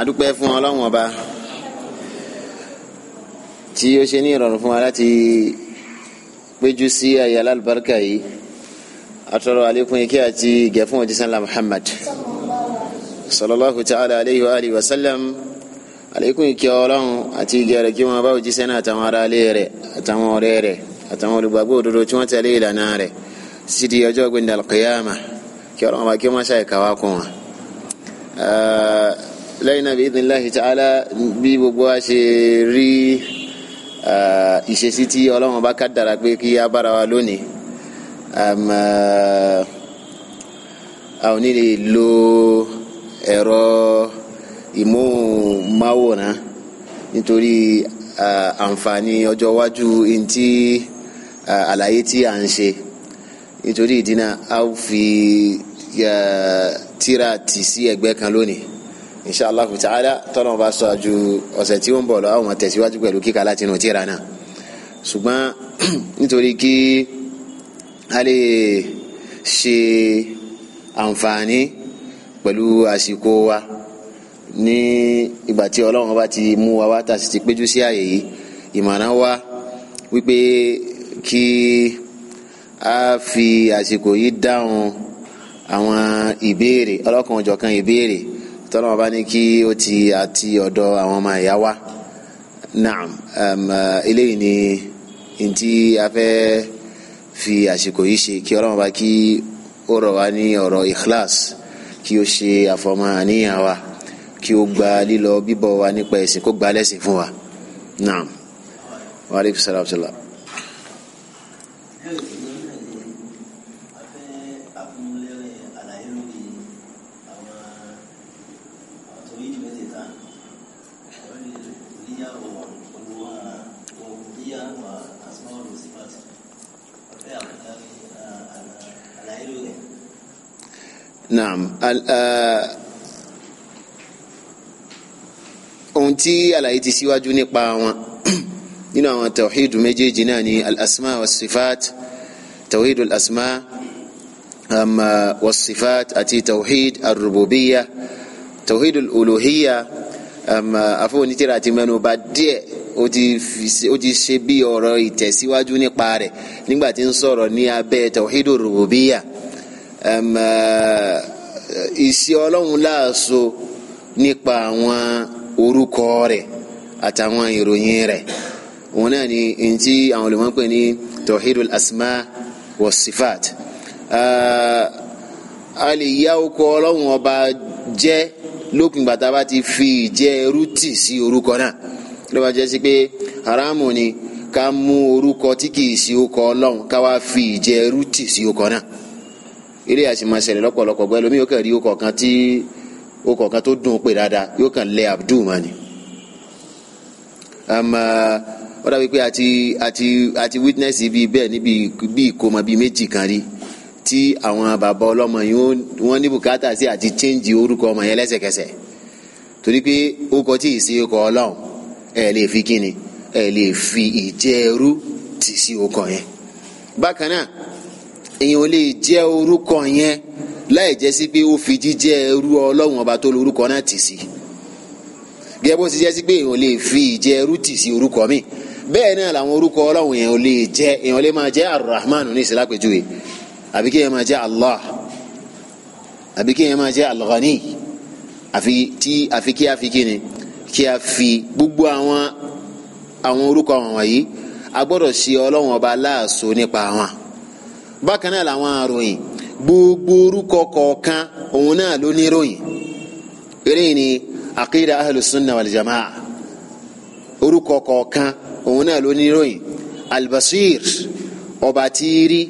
adúpẹ́ fún ọlọ́run ọba tí ó ṣe ní ìrọ̀rùn fún wa láti péjú sí ayé alálùbáríkà yìí atọrọ àlékún ike àti ìgẹ̀ fún òjíṣẹ́ ńlá Muhammad sallallahu ta'ala alayhi wa alihi wa sallam àlékún ike ọlọ́run àti ìgẹ̀ rẹ̀ kí wọ́n bá òjíṣẹ́ àtàwọn ará ilé rẹ̀ àtàwọn ọ̀rẹ́ rẹ̀ àtàwọn olùgbàgbọ́ òdodo tí wọ́n tẹ̀lé ìlànà rẹ̀ sí ọjọ́ gbẹ̀ndàlùkìyàmà kí ọlọ́run bá kí wọ́n ṣàìkàwá kún wọn lẹ́yìn náà bíi ìdínláhi ta'ala bí gbogbo wa ṣe rí ìṣesí tí ọlọ́run bá kádàrá pé kí a bára wa lónìí um, a ò ní lè lo ẹ̀rọ ìmóhùnmáwòrán nítorí àǹfààní ọjọ́ iwájú ntí àlàyé tí a ń ṣe nítorí ìdínà a ó fi tíra tì sí ẹgbẹ́ kan lónìí insha Allahu ta'ala tọ́lọ́ bá sọ ju ọ̀sẹ̀ tí ó ń bọ̀ lọ àwọn máa tẹ̀síwájú pẹ̀lú kíkà láti inú tírà náà ṣùgbọ́n nítorí kí a lè ṣe àǹfààní pẹ̀lú àsìkò wa ní ìgbà tí ọlọ́run bá ti mú wa wá tá sì ti péjú sí àyè yìí ìmọ̀ràn wa wípé kí a fi àsìkò yìí dáhùn àwọn ìbéèrè ọlọ́kan-ò-jọ̀kan ìbéèrè tọ́lọ́mọ bá ní kí ó ti àti ọ̀dọ̀ àwọn ọmọ ìyá wa naam um, uh, eléyìí ni ntí a fẹ́ fi àsìkò yìí ṣe kí ọlọ́mọ kí ó rọ̀ wá ní ọ̀rọ̀ ikhlas kí ó ṣe àfọmọ́ àníyàn wa kí ó gba lílọ bíbọ̀ wa nípa ẹ̀sìn kó gba lẹ́sìn fún wa naam wa aleykum salaam naam eh, ohun tí àlàyé ti síwájú nípa wọn nínú àwọn tawhidu méjèèjì náà ni al-asma wa sifat tawhidu al-asma eh, wa sifat àti tawhid ar-rububiyya tawhidu al-uluhiyya afọwọ́nitẹ́ra eh, àti mẹ́nuba díẹ̀ ó ti ṣe bí ọ̀rọ̀ ìtẹ̀síwájú nípa rẹ̀ nígbà tí ń sọ̀rọ̀ ní abẹ́ tawhidu rububiyya. Eh, ìṣe ọlọ́run láàṣọ nípa àwọn orúkọ rẹ̀ àtàwọn ìròyìn rẹ̀ òun náà ni ntí àwọn olùmọ̀ pè ní tawhidul asma wa sifat eh, a lè yá orúkọ ọlọ́run ọba jẹ́ lópin gbàtà bá ti fi ìjẹ́ ẹrú tì sí orúkọ náà ló bá jẹ́ sí pé haramu ni ká mú orúkọ tí kì í orúkọ ọlọ́run ká wá fi ìjẹ́ ẹrú sí orúkọ náà eré àṣìmọ̀ṣẹ̀lẹ̀ lọ́pọ̀lọpọ̀ gbọ́ ẹlòmíì yóò kàn rí okọ̀ kan tí okọ̀ kan tó dùn pé dáadáa yóò kàn lẹ Abdul mọ́ ni. ó dàbí pé àti àti àti witness bíi bẹ́ẹ̀ níbi bíi ìkómọ bíi méjì kan rí tí àwọn bàbá ọlọ́mọ yìí wọ́n ní bùkátà sí àti change orúkọ ọmọ yẹn lẹ́sẹ̀kẹsẹ̀ torí pé okọ̀ tí ì sí okọ̀ ọlọ́run ẹ̀ lè fi kíni ẹ̀ lè fi ìjẹ́rú tì sí okọ̀ yẹn bákan náà èèyàn ò lè jẹ́ orúkọ yẹn láì jẹ́ sí pé ó fi jíjẹ́ ẹrú ọlọ́run ọba tó lórúkọ náà tì sí gẹ́gẹ́ bó ti jẹ́ sí pé èèyàn ò lè fi ìjẹ́ ẹrú tì sí orúkọ mi bẹ́ẹ̀ náà làwọn orúkọ ọlọ́run yẹn lè jẹ́ èèyàn lè máa jẹ́ arahman ní ìsìlá pẹ̀júwe àbí kéèyàn máa jẹ́ allah àbí kéèyàn máa jẹ́ alghani àfi tí àfi kí a fi kí ni kí a fi gbogbo àwọn àwọn orúkọ àwọn wọ̀nyí a gbọ́dọ̀ ṣe ọlọ́run ọba láàṣọ nípa wọn bákan náà làwọn àròyìn gbogbo orúkọ kọ̀ọ̀kan òun náà ló ní ròyìn eléyìí ni àkídà ahlùsùnà wàlìjàmáà orúkọ kọ̀ọ̀kan òun náà ló ní ròyìn albasir ọba tí rí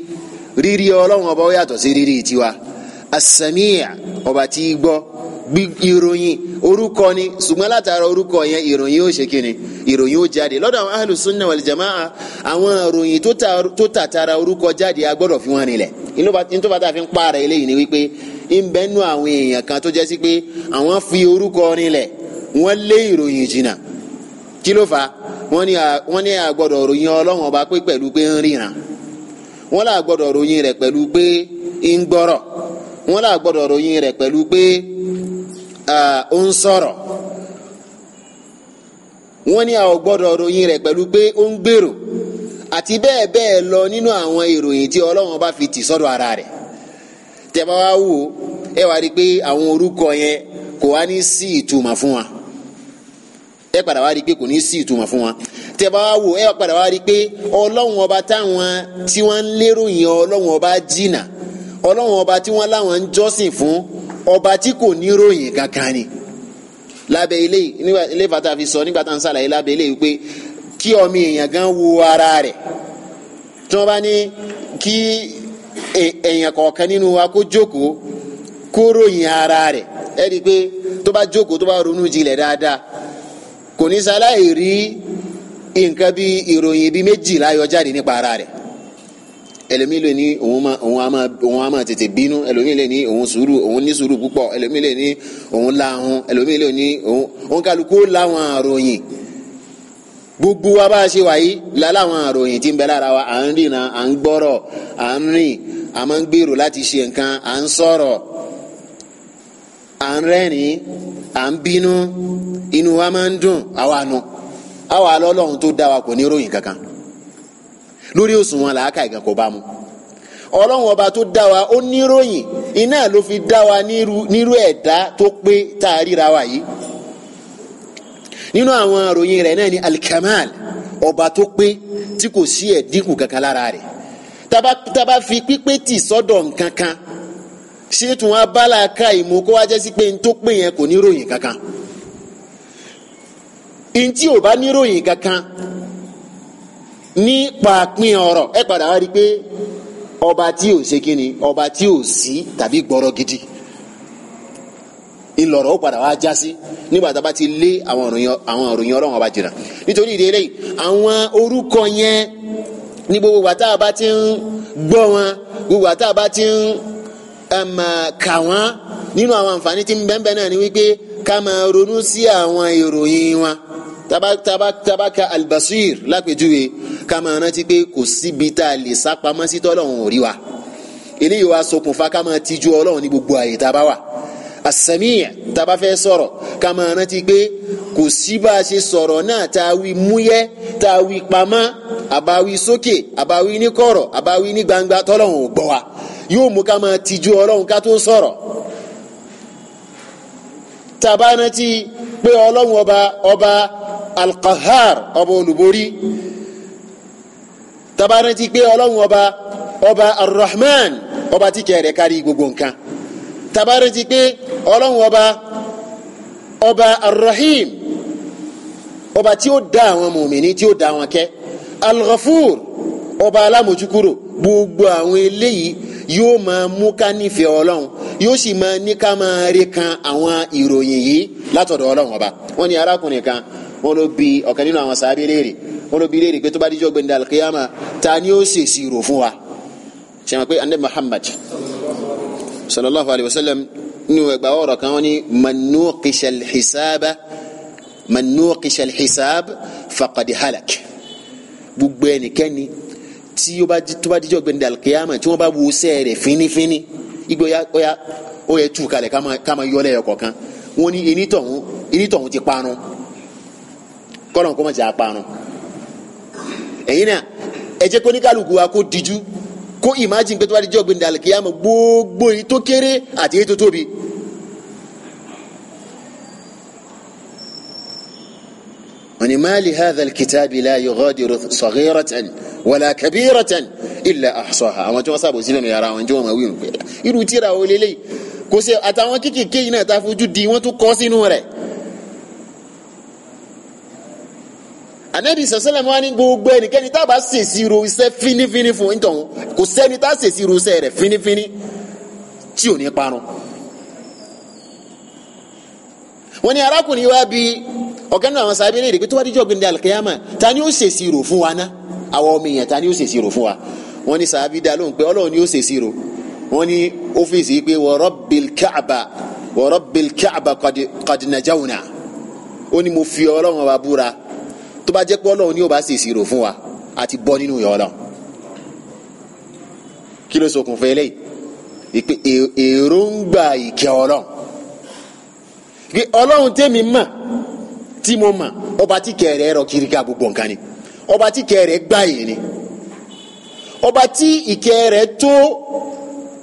rírí ọlọ́run ọba ó yàtọ̀ sí rírí tiwa asamiya ọba tí gbọ́ ìròyìn orúkọ ni ṣùgbọ́n látara orúkọ yẹn ìròyìn ó ṣe kíni ìròyìn ó jáde lọ́dọ̀ àwọn ahlu sunna wal jamaa àwọn ìròyìn tó tara orúkọ jáde a gbọ́dọ̀ fi wọ́n rinlẹ̀ nítorí bàtà fi ń pààrọ̀ eléyìí ni wípé ń bẹ nú àwọn èèyàn kan tó jẹ́ sí pé àwọn fi orúkọ rinlẹ̀ wọ́n lé ìròyìn jìnnà kí ló fà á wọ́n ní ròyìn ọba pé pẹ̀lú pé ń ríran wọ́n là ròyìn rẹ̀ pẹ̀lú wọ́n ní a ò gbọ́dọ̀ ròyìn rẹ̀ pẹ̀lú pé ó ń gbèrò àti bẹ́ẹ̀ bẹ́ẹ̀ lọ nínú àwọn ìròyìn tí ọlọ́run bá fi tì sọ́dọ̀ ara rẹ̀ tẹ́ bá wá wò ẹ wá rí i pé àwọn orúkọ yẹn kò wá ní sí ìtumọ̀ fún wa ẹ padà wá rí i pé kò ní sí ìtumọ̀ fún wa tẹ́ wá wò ẹ padà wá rí i pé ọlọ́run ọba táwọn tí wọ́n ń lérò yẹn ọlọ́run ọba jìnnà ọlọ́run ọba tí wọ́n láwọn ń jọ́sìn fún ọba tí kò ní ròyìn kankan ni lábẹ́ ilé ilé ìfàtà fi sọ nígbà tá à ń sàlàyé lábẹ́ ilé wípé kí ọmọ èèyàn gan wo ara rẹ̀ tí wọ́n bá ní kí èèyàn kọ̀ọ̀kan nínú wa kó jókòó kó ròyìn ara rẹ̀ ẹ rí i pé tó bá jókòó tó bá ronú jinlẹ̀ dáadáa kò ní sáláì rí nǹkan bíi ìròyìn bíi méjìlá yọ jáde nípa ara rẹ̀ ẹlòmíì lè ní òun máa òun á máa òun á máa tètè bínú ẹlòmíì lè ní òun sùúrù òun ní sùúrù púpọ̀ ẹlòmíì lè ní òun láhun ẹlòmíì lè ní òun òun kálukú láwọn àròyìn gbogbo wa bá a ṣe wáyé láláwọn àròyìn tí ń bẹ lára wa à ń rìnà à ń gbọ́rọ̀ à ń rìn à máa ń gbèrò láti ṣe nǹkan à ń sọ̀rọ̀ à ń rẹ́rìn à ń bínú inú wa máa ń dùn àwa nu àwa lọ́lọ́run tó dá wa kò ní ròyìn kankan lórí òṣùwọ̀n làákà ìgàn kò bá mu ọlọ́run ọba tó dá wa ó níròyìn iná ló fi dá wa nírú ẹ̀dá tó pé tá a ríra wa yìí nínú àwọn ìròyìn rẹ̀ náà ni alikamal ọba tó pé tí kò sí ẹ̀dínkù kankan lára rẹ̀ taba taba fi pípé tì sọ́dọ̀ nǹkan kan ṣé tún wá bá làákà ìmú kó wá jẹ́ sí pé n tó pé yẹn kò níròyìn kankan n tí ò bá níròyìn kankan nípa pín ọ̀rọ̀ ẹ padà wá rí i pé ọba tí ò ṣe kí ni ọba tí ò sí tàbí gbọ́rọ̀ gidi ńlọrọ ó padà wá já sí nígbà tá a bá ti lé àwọn òròyìn ọlọ́run ọba jìnnà nítorí ìdí eléyìí àwọn orúkọ yẹn ní gbogbo wa tá a bá ti ń gbọ́ wọn gbogbo wa bá ti ń kà wọ́n nínú àwọn àǹfààní tí ń bẹ́ẹ̀ náà ni wípé ká máa ronú sí àwọn ìròyìn wọn tabaka tabaka albasir lápèjúwe Kama máa rántí pé kò síbi tá a lè sá pamọ́ sí tọ́lọ́run ò rí wa eléyìí wá ṣokùnfà ká máa tijú ọlọ́run ní gbogbo àyè tá a bá wà àsàmìyàn tá a bá fẹ́ sọ̀rọ̀ ká máa rántí pé kò sí bá a ṣe sọ̀rọ̀ náà tá a wí múyẹ́ tá a wí pamọ́ àbáwí sókè àbáwí ní kọ̀rọ̀ àbáwí ní gbangba tọ́lọ́run ò gbọ́ wa yóò mú ká máa tijú ká tó sọ̀rọ̀ tá rántí pé ọlọ́run ọba ọba alqahar ọba olùborí tabarantí pé ọlọ́run ọba ọba arrahman ọba tí kẹrẹ kárí gbogbo nǹkan tabarantí pé ọlọ́run ọba ọba arrahim ọba tí ó dá àwọn mòmìnì tí ó dá wọn kẹ́ alghafur ọba alámòjúkúrò gbogbo àwọn eléyìí yóò máa mú ká nífẹ̀ẹ́ ọlọ́run yóò sì máa ní ká máa rí kan àwọn ìròyìn yìí látọ̀dọ̀ ọlọ́run ọba wọ́n ní arákùnrin kan wọn ló bi ọ̀kan nínú àwọn sábẹ́ léèrè wọn ló bi léèrè pé tó bá díjọ́ gbẹ̀ndẹ̀ alikiyama ta ni ó ṣe ìṣirò fún wa ṣe wọn pé anabi muhammad sallallahu alayhi wa sallam nínú ẹgbàá ọ̀rọ̀ kan wọn ni manu kishal hisaaba manu kishal hisaab faqad halak gbogbo ẹnikẹ́ni tí ó bá tó bá díjọ́ gbẹ̀ndẹ̀ alikiyama tí wọ́n bá wo sẹ́ẹ̀rẹ̀ fínífíní igbó ya ó ya ó yẹ tú kalẹ̀ ká máa yọ lẹ́yọ̀ kọ̀ọ̀kan wọn ni inítọ̀hún inítọ̀hún ti parun kọ́lọ̀ kó mọ̀ jẹ́ apárun ẹ̀yin náà ẹ jẹ́ kó ní kálukú wa kó dijú kó imagine pé tó bá di jọ́ gbẹ̀ndà àlùkìyàmọ̀ gbogbo èyí tó kéré àti èyí tó tóbi. wọ́n ní ma li hadha al-kitabi la yughadiru saghiratan wala kabiratan illa àwọn tí wọ́n sábò sílẹ̀ nù yàrá àwọn jẹ́ wọn máa wí nù pé irú tíra wo kò sí àtàwọn kéékèèké yìí náà tá di wọ́n tún kọ́ sínú rẹ̀. anabi sọsẹlẹ mu wani gbogbo ẹnikẹ́ni tá a bá ṣèṣì ro iṣẹ́ finifini fún ntọhún kò sẹ́ni tá a ṣèṣì ro iṣẹ́ rẹ̀ finifini tí ò ní parun. wọ́n ní arákùnrin wa bi ọ̀gá náà àwọn sábẹ́ lè rí pé tó bá dijọ́ gbẹ̀ndẹ̀ alikiyama ta ni ó ṣèṣì ro fún wa ná àwọn ọmọ èèyàn ta ni ó ṣèṣì ro fún wa wọ́n ní sábẹ́ dá lóhùn pé ọlọ́run ni ó ṣèṣì ro wọ́n ní ọ́fíìsì yìí pé wa rabbil Ka'ba wa rabbil ó ní mo fi ọlọ́run wa búra tó bá jẹ́ pé ọlọ́run ni ó bá ṣe ìṣirò fún wa a ti bọ́ nínú ìyọ̀ ọlọ́run kí ló ṣokùnfẹ́ eléyìí ìpè èròǹgbà ìkẹ́ ọlọ́run pé ọlọ́run tẹ́mi mọ̀ tí mo mọ̀ ọba tí kẹ́ rẹ̀ rọ kiri ká gbogbo nǹkan ni ọba tí kẹ́ rẹ̀ ni ọba tí ìkẹ́ rẹ̀ tó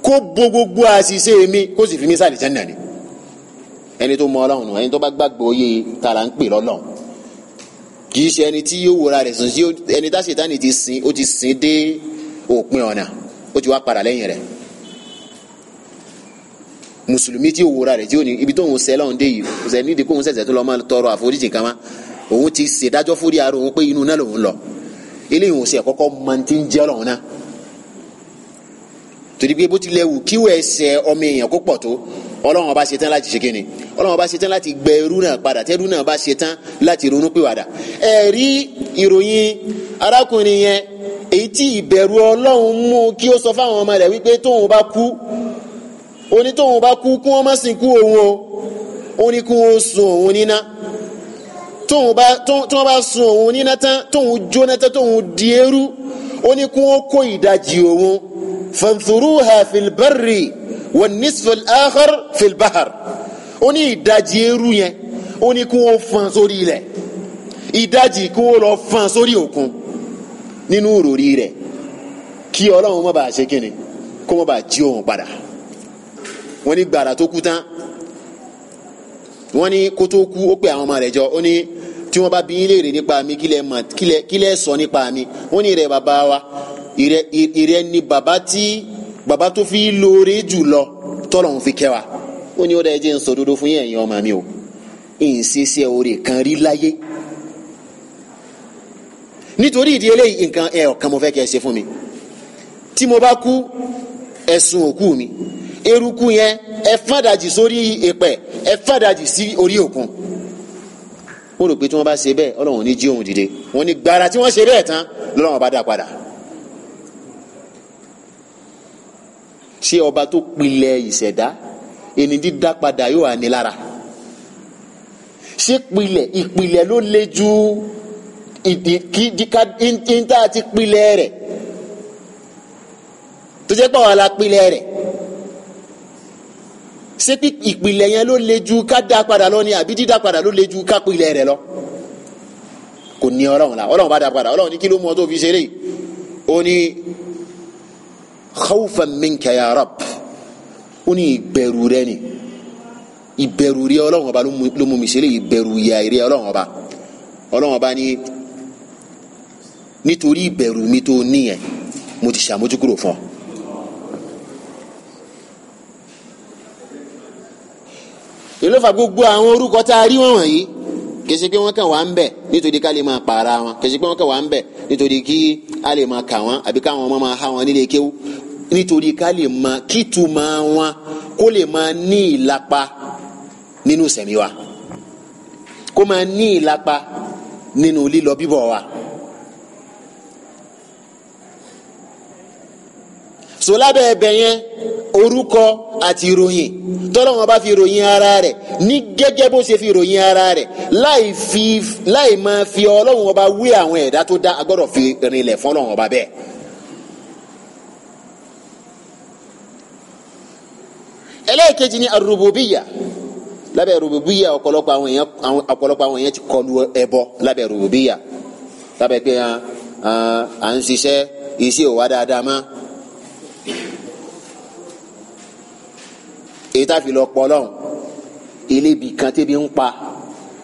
kó bo gbogbo àṣìṣe mi kó sì fi mí sálì nàní ẹni tó mọ ọlọ́run ẹni tó bá gbàgbọ́ yé tara ń pè lọ́lọ́run kì í ṣe ẹni tí yóò wòra rẹ̀ sùn ẹni tá ṣètánì ti sin ó ti sin dé òpin ọ̀nà ó ti wá padà lẹ́yìn rẹ̀ mùsùlùmí tí yóò wòra rẹ̀ tí yóò ní ibi tó ń sẹ́ lọ́hún dé yìí kò sẹ́ nídìí kó ń sẹ̀sẹ̀ tó lọ́ máa tọrọ àforíjì kan òun ti dájọ́ fúri òun pé inú náà lòun lọ eléyìí òun ṣe máa ti ń jẹ́ lọ́hún wù ọlọ́run ọba ṣetán láti ṣe kíni ọlọ́run ọba ṣetán láti gbẹ ẹrú náà padà tẹ́rú náà bá ṣetán láti ronú pìwàdà ẹ̀rí ìròyìn arákùnrin yẹn èyí tí ìbẹ̀rù ọlọ́run mú kí ó sọ fáwọn ọmọ rẹ̀ wípé tóun bá kú oní tóun bá kú kí wọ́n má sìnkú òun o ó ní kí wọ́n sun òun níná tóun bá tóun bá sun òun níná tán tóun jóná tán tóun di eérú ó kí wọ́n kó ìdajì òun fanzuruha fil والنصف الآخر في البحر، bahar ó ní ìdajì eérú yẹn ó ní kí wọ́n fọ́n sórí ilẹ̀ ìdajì kí wọ́n lọ fọ́n sórí òkun nínú òròrí rẹ̀ kí ọlọ́run má bàa ṣe kíni kó má bàa jí òun padà wọ́n ní gbàrà tó kú tán wọ́n ní kó tó kú ó pè àwọn ọmọ rẹ̀ jọ ó ní tí wọ́n bá bi yín léèrè nípa mi kílẹ̀ sọ nípa mi wọ́n ní ìrẹ́ bàbá wa ìrẹ́ ni bàbá tí baba tó fi lóore jù lọ tọ́lọ́hún fi kẹ́ wa ó ní ó dá ẹjẹ́ ń sọ dodo fún yín ẹ̀yin ọmọ mi o ń ṣe sí oore kan rí láyé nítorí ìdí nǹkan ẹ ọ̀kan mo fẹ́ kẹ́ ẹ ṣe fún mi tí mo bá kú ẹ òkú mi eruku yẹn ẹ fàdájì sórí èpẹ̀ ẹ fàdájì sí orí òkun mo rò pé tí wọ́n bá ṣe bẹ́ẹ̀ ọlọ́run ò ní jí òun dìde wọ́n ní gbàrà tí wọ́n ṣe bẹ́ẹ̀ tán lọ́lọ́run bá dá padà. ṣé ọba tó pilẹ̀ ìṣẹ̀dá ẹni dídá padà yóò wà ní lára ṣé pilẹ̀ ìpìlẹ̀ ló le ju ìdíkà ìntà àti pilẹ̀ rẹ̀ tó jẹ́ pé àwọn alápilẹ̀ rẹ̀ ṣé ìpìlẹ̀ yẹn ló le ju ká dá padà lọ ni àbí dídá padà ló le ju ká pilẹ̀ rẹ̀ lọ kò ní ọlọ́run la ọlọ́run bá dá padà ọlọ́run ní kí ló mú ọ tó fi ṣeré o ní khawfan minka ya rab ó ní ìbẹ̀rù rẹ ni ìbẹ̀rù rẹ ọlọ́run ọba ló mú mi sílẹ̀ ìbẹ̀rù ìyá rẹ ọlọ́run ọba ọlọ́run ọba ní nítorí ìbẹ̀rù mi tó níyẹn mo ti ṣàmójúkúrò fún ọ. èló fà gbogbo àwọn orúkọ tá a rí wọn wọ̀nyí kèsì pé wọn kàn wá ń bẹ nítorí ká lè máa pààrà wọn kèsì pé wọn kàn wá ń bẹ nítorí kí a lè máa kà wọn àbí káwọn ọmọ máa há wọn nílé kéwú nítorí ká lè mọ kítumọ̀ wọn kó lè máa ní ìlapa nínú sẹ̀mí wa kó máa ní ìlapa nínú lílọ bíbọ̀ wa. sọlábẹ́ ẹbẹ̀ yẹn orúkọ àti ìròyìn tọ́lọ́wọ́n bá fi ròyìn ara rẹ̀ ní gẹ́gẹ́ bó ṣe fi ròyìn ara rẹ̀ láì máa fi ọlọ́run ọba wé àwọn ẹ̀dá tó dá agbọ́dọ̀ fi rinlẹ̀ fún ọlọ́run bẹ́ẹ̀. ẹlẹ́ẹ̀kejì ni arububiyya lábẹ́ rububiyya ọ̀pọ̀lọpọ̀ àwọn èèyàn ọ̀pọ̀lọpọ̀ àwọn èèyàn ti kọlu ẹbọ lábẹ́ rububiyya lábẹ́ pé ah, ah, à ń ṣiṣẹ́ iṣẹ́ ò wá dáadáa mọ́ èyí tá a fi lọ pọ̀ lọ́hùn elébi kan tẹ́bi ń pa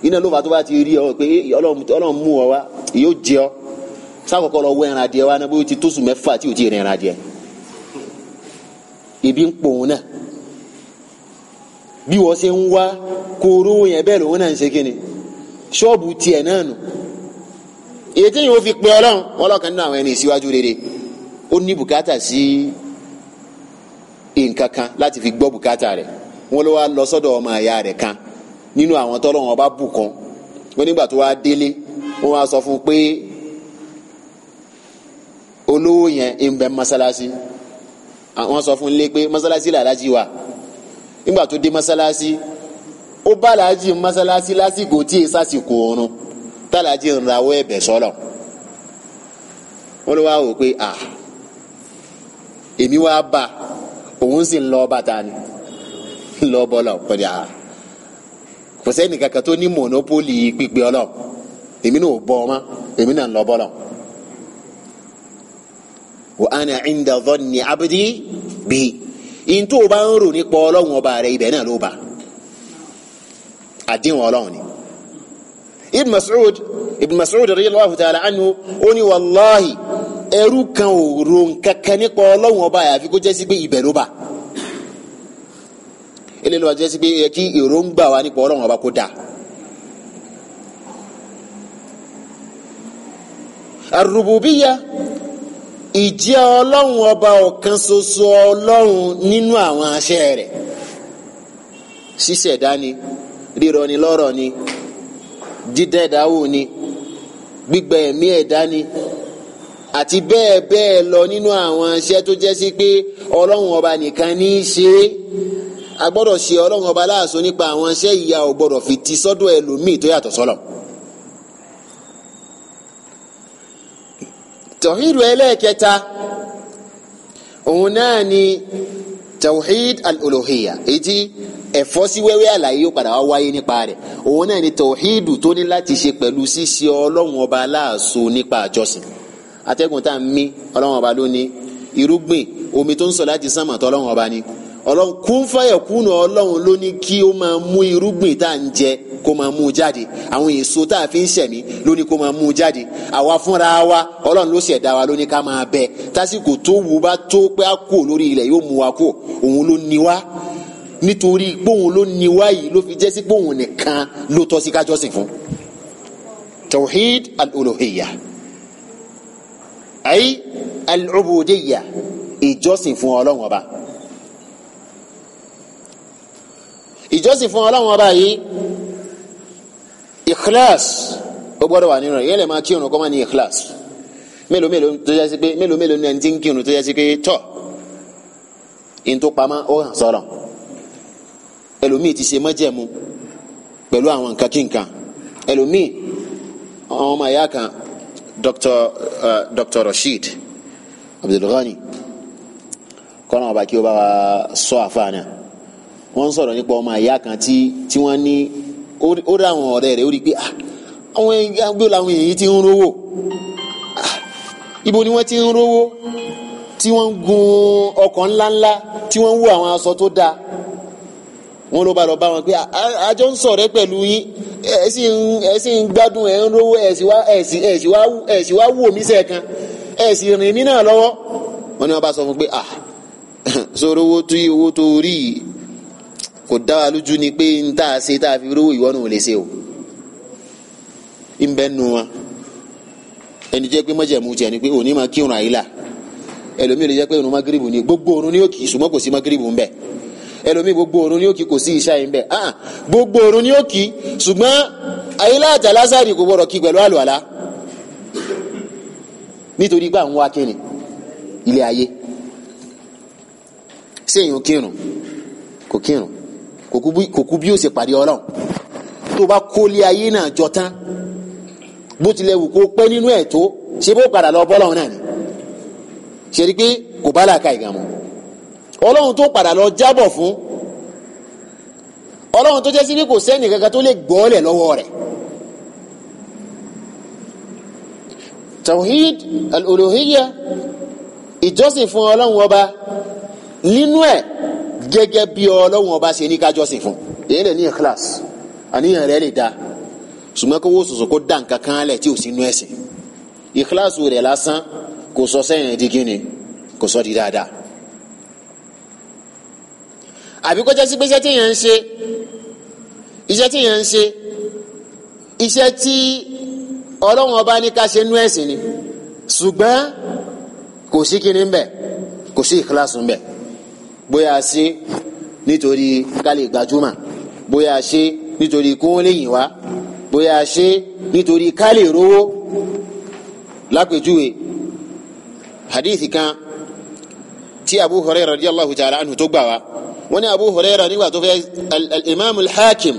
iná ló fà tó bá ti rí ọ pé ọlọ́run mú ọ wá yóò jẹ ọ sákòókò lọ wọ ẹran adìẹ wa ti mẹ́fà o ti rìn ẹran adìẹ bí wọ́n ṣe ń wá kó orówó yẹn bẹ́ẹ̀ lòun náà ń ṣe kíni ṣọ́ọ̀bù tiẹ̀ náà nù èyí tí yìí ó fi pe ọlọ́run wọn lọ́kàn nínú àwọn ẹni ìṣíwájú rere ó ní bùkátà sí nǹkan kan láti fi gbọ́ bùkátà rẹ̀ wọn ló lọ sọ́dọ̀ ọmọ àyà rẹ̀ kan nínú àwọn tọ́lọ́run ọba bù kan wọn nígbà tó wá délé wọn wá sọ fún un pé olówó yẹn ń bẹ mọ́sálásí wọn sọ fún un lé pé mọ́sálásí làlájì wà nígbà tó dé mọ́sálásí ó bá làájì mọ́sálásí lásìkò tí èé sásìkò oorun tàlàjì ń rawọ́ ẹ̀bẹ̀ sọ́lọ̀ wọ́n ló wá wò pé à èmi wá bá òun sì ń lọ bàtà ni ń lọ bọ́lọ̀ pẹ̀lú à kò sẹ́ni kankan tó ní mọ̀nọ́pólì pípé ọlọ́ èmi náà bọ́ ọ mọ́ èmi náà ń lọ bọ́lọ̀ wa ana inda dhanni abdi bi. ntó o bá ń rò nípa ọlọ́run ọba rẹ ibẹ̀ náà ló bá àdéhùn ọlọ́run ni ibn Mas'ud ibn Mas'ud radiyallahu ta'ala anhu ó ní ẹrú kan ò ro nkankan nípa ọlọ́run ọba àyàfi kó jẹ́ pé ibẹ̀ ló bá eléyìí ló pé kí èròǹgbà wa nípa ọlọ́run ìjẹ́ ọlọ́run ọba ọ̀kan ṣoṣo ọlọ́run nínú àwọn aṣẹ́ rẹ̀ ṣíṣẹ̀dá ni rírọ̀ ni lọ́rọ̀ ni dídẹ̀dáwò ni gbígbẹ ẹ̀mí ẹ̀dá ni àti bẹ́ẹ̀ bẹ́ẹ̀ lọ nínú àwọn aṣẹ́ tó jẹ́ sí pé ọlọ́run ọba nìkan ní í ṣe é a gbọ́dọ̀ ṣe ọlọ́run ọba láàṣọ nípa àwọn aṣẹ́ ìyá ò gbọ́dọ̀ fi ti sọ́dọ̀ ẹlòmíì tó yàtọ̀ sọ́lọ̀. So tawhid ẹlẹ́ẹ̀kẹta òun náà tawhid al-uluhiyya èyí tí ẹ̀fọ́ sí wẹ́wẹ́ àlàyé yóò padà wá wáyé nípa rẹ̀ òun náà ni tawhidu tó ní láti ṣe pẹ̀lú ṣíṣe ọlọ́run ọba aláàṣọ nípa àjọsìn atẹ́gùn tá a mí ọlọ́run ọba ló irúgbìn omi tó ń sọ láti sánmà tó ọlọ́run ọba ni ọlọ́run kún fàyẹ̀kúnù ọlọ́run ló ní kí ó máa mú irúgbìn tá à ń jẹ kó máa mú jáde àwọn èso tá a fi ń ṣẹ̀mí ló ní kó máa mú jáde àwa fúnra wa ọlọ́run ló ṣẹ̀dá wa ló ní ká máa bẹ tásìkò tó wù bá tó pé á kú lórí ilẹ̀ yóò mú wa kú òun ló ní wá nítorí póun ló ní wá yìí ló fi jẹ́ sí póun nìkan ló tọ́ sí kájọ́sìn fún tawhid al-uluhiyya ayi al-ubudiyya ìjọ́sìn fún ọlọ́run ọba. ìjọsìn fún ọlọ́run ọba yìí ikhlas ó gbọ́dọ̀ wà nínú rẹ̀ yẹn lè máa kírun kọ́ máa ní ikhlas mélòó mélòó tó yẹ sí pé mélòó mélòó ní ẹni tí ń kírun tó yẹ sí pé tọ̀ in tó pamọ́ ó hàn sọ̀rọ̀ ẹlòmíì ti ṣe mọ́jẹ̀mú pẹ̀lú àwọn nǹkan kí nǹkan ẹlòmíì ọmọ ẹ̀yà kan Dr. Uh, Rasheed Abdulghani kọ́nà ọba kí ó bá wa sọ àfa náà wọ́n ń sọ̀rọ̀ nípa ọmọ àyá kan tí tí wọ́n ní ó rí àwọn ọ̀rẹ́ rẹ̀ ó rí i pé ah, àwọn agbó làwọn èyí ti ń rówó ah, ibo ni wọ́n ti ń rówó tí wọ́n ń gun ọkọ̀ ńláńlá tí wọ́n ń wọ àwọn aṣọ tó dáa wọ́n ló bá lọ bá wọn pé àjọ ah, ń sọ̀rẹ́ pẹ̀lú yín ẹ sì ń gbádùn ẹ ń rówó ẹ sì wá wò mí sẹ́ẹ̀kan ẹ sì rìn mí náà lọ́wọ́ wọ́n ní wọ́n bá sọ fún pé ah sọ̀rọ̀ owó tó yí owó tó rí yìí kò dá wa lójú ni pé n tá ṣe tá a fi rówó ìwọ lè ṣe o ń bẹ nu wọn ẹni pé mọ́jẹ̀mú tiẹ̀ ni pé òní máa kírun àyílà ẹlòmíì lè jẹ́ pé ni gbogbo ni yóò kì í kò gbogbo òun yóò kì í kò sí ìṣá ah, gbogbo yóò kì í ṣùgbọ́n àyílà kò gbọdọ̀ kí pẹ̀lú nítorí ilé ayé kò kú bí ó ṣe pàdé ọlọ́run tó bá kólé ayé náà jọ tán bó tilẹ̀ wù kó pẹ́ nínú ẹ̀ tó ṣe bó padà lọ bọ́lọ́run náà ni ṣe pé kò bá làákà ìgbàmọ́ ọlọ́run tó padà lọ jábọ̀ fún ọlọ́run tó jẹ́ sí pé kò sẹ́ni kankan tó lè gbọ́ọ̀lẹ̀ lọ́wọ́ rẹ̀ tawhid al-uluhiyya ìjọsìn fún ọlọ́run ọba nínú ẹ̀ gẹ́gẹ́ bí ọlọ́run ọba ṣe ní kájọ́sìn fún èyí lè ní ìkíláàsì àníyàn rẹ̀ lè da ṣùgbọ́n kó wò sòsò kó dà nǹkan kan lẹ̀ tí ò sí inú ẹ̀sìn ìkíláàsì rẹ̀ lásán kò sọ sẹ́yìn di gíni kò sọ di dáadáa àbí kọjá sí pé iṣẹ́ tí yẹn ń ṣe iṣẹ́ tí yẹn ń ṣe iṣẹ́ tí ọlọ́run ọba ní ká ṣe inú ẹ̀sìn ni ṣùgbọ́n kò sí kíni ń bẹ kò sí ìkíláàsì ń bẹ bóyá ṣe nítorí ká lè gbajúmọ̀ bóyá ṣe nítorí kó lè yìn wá bóyá ṣe nítorí ká lè rówó lápèjúwe hadith kan tí abu hurairah radiyallahu ta'ala anhu tó gbà wá wọ́n ní abu hurairah nígbà tó fẹ́ al-imam al-hakim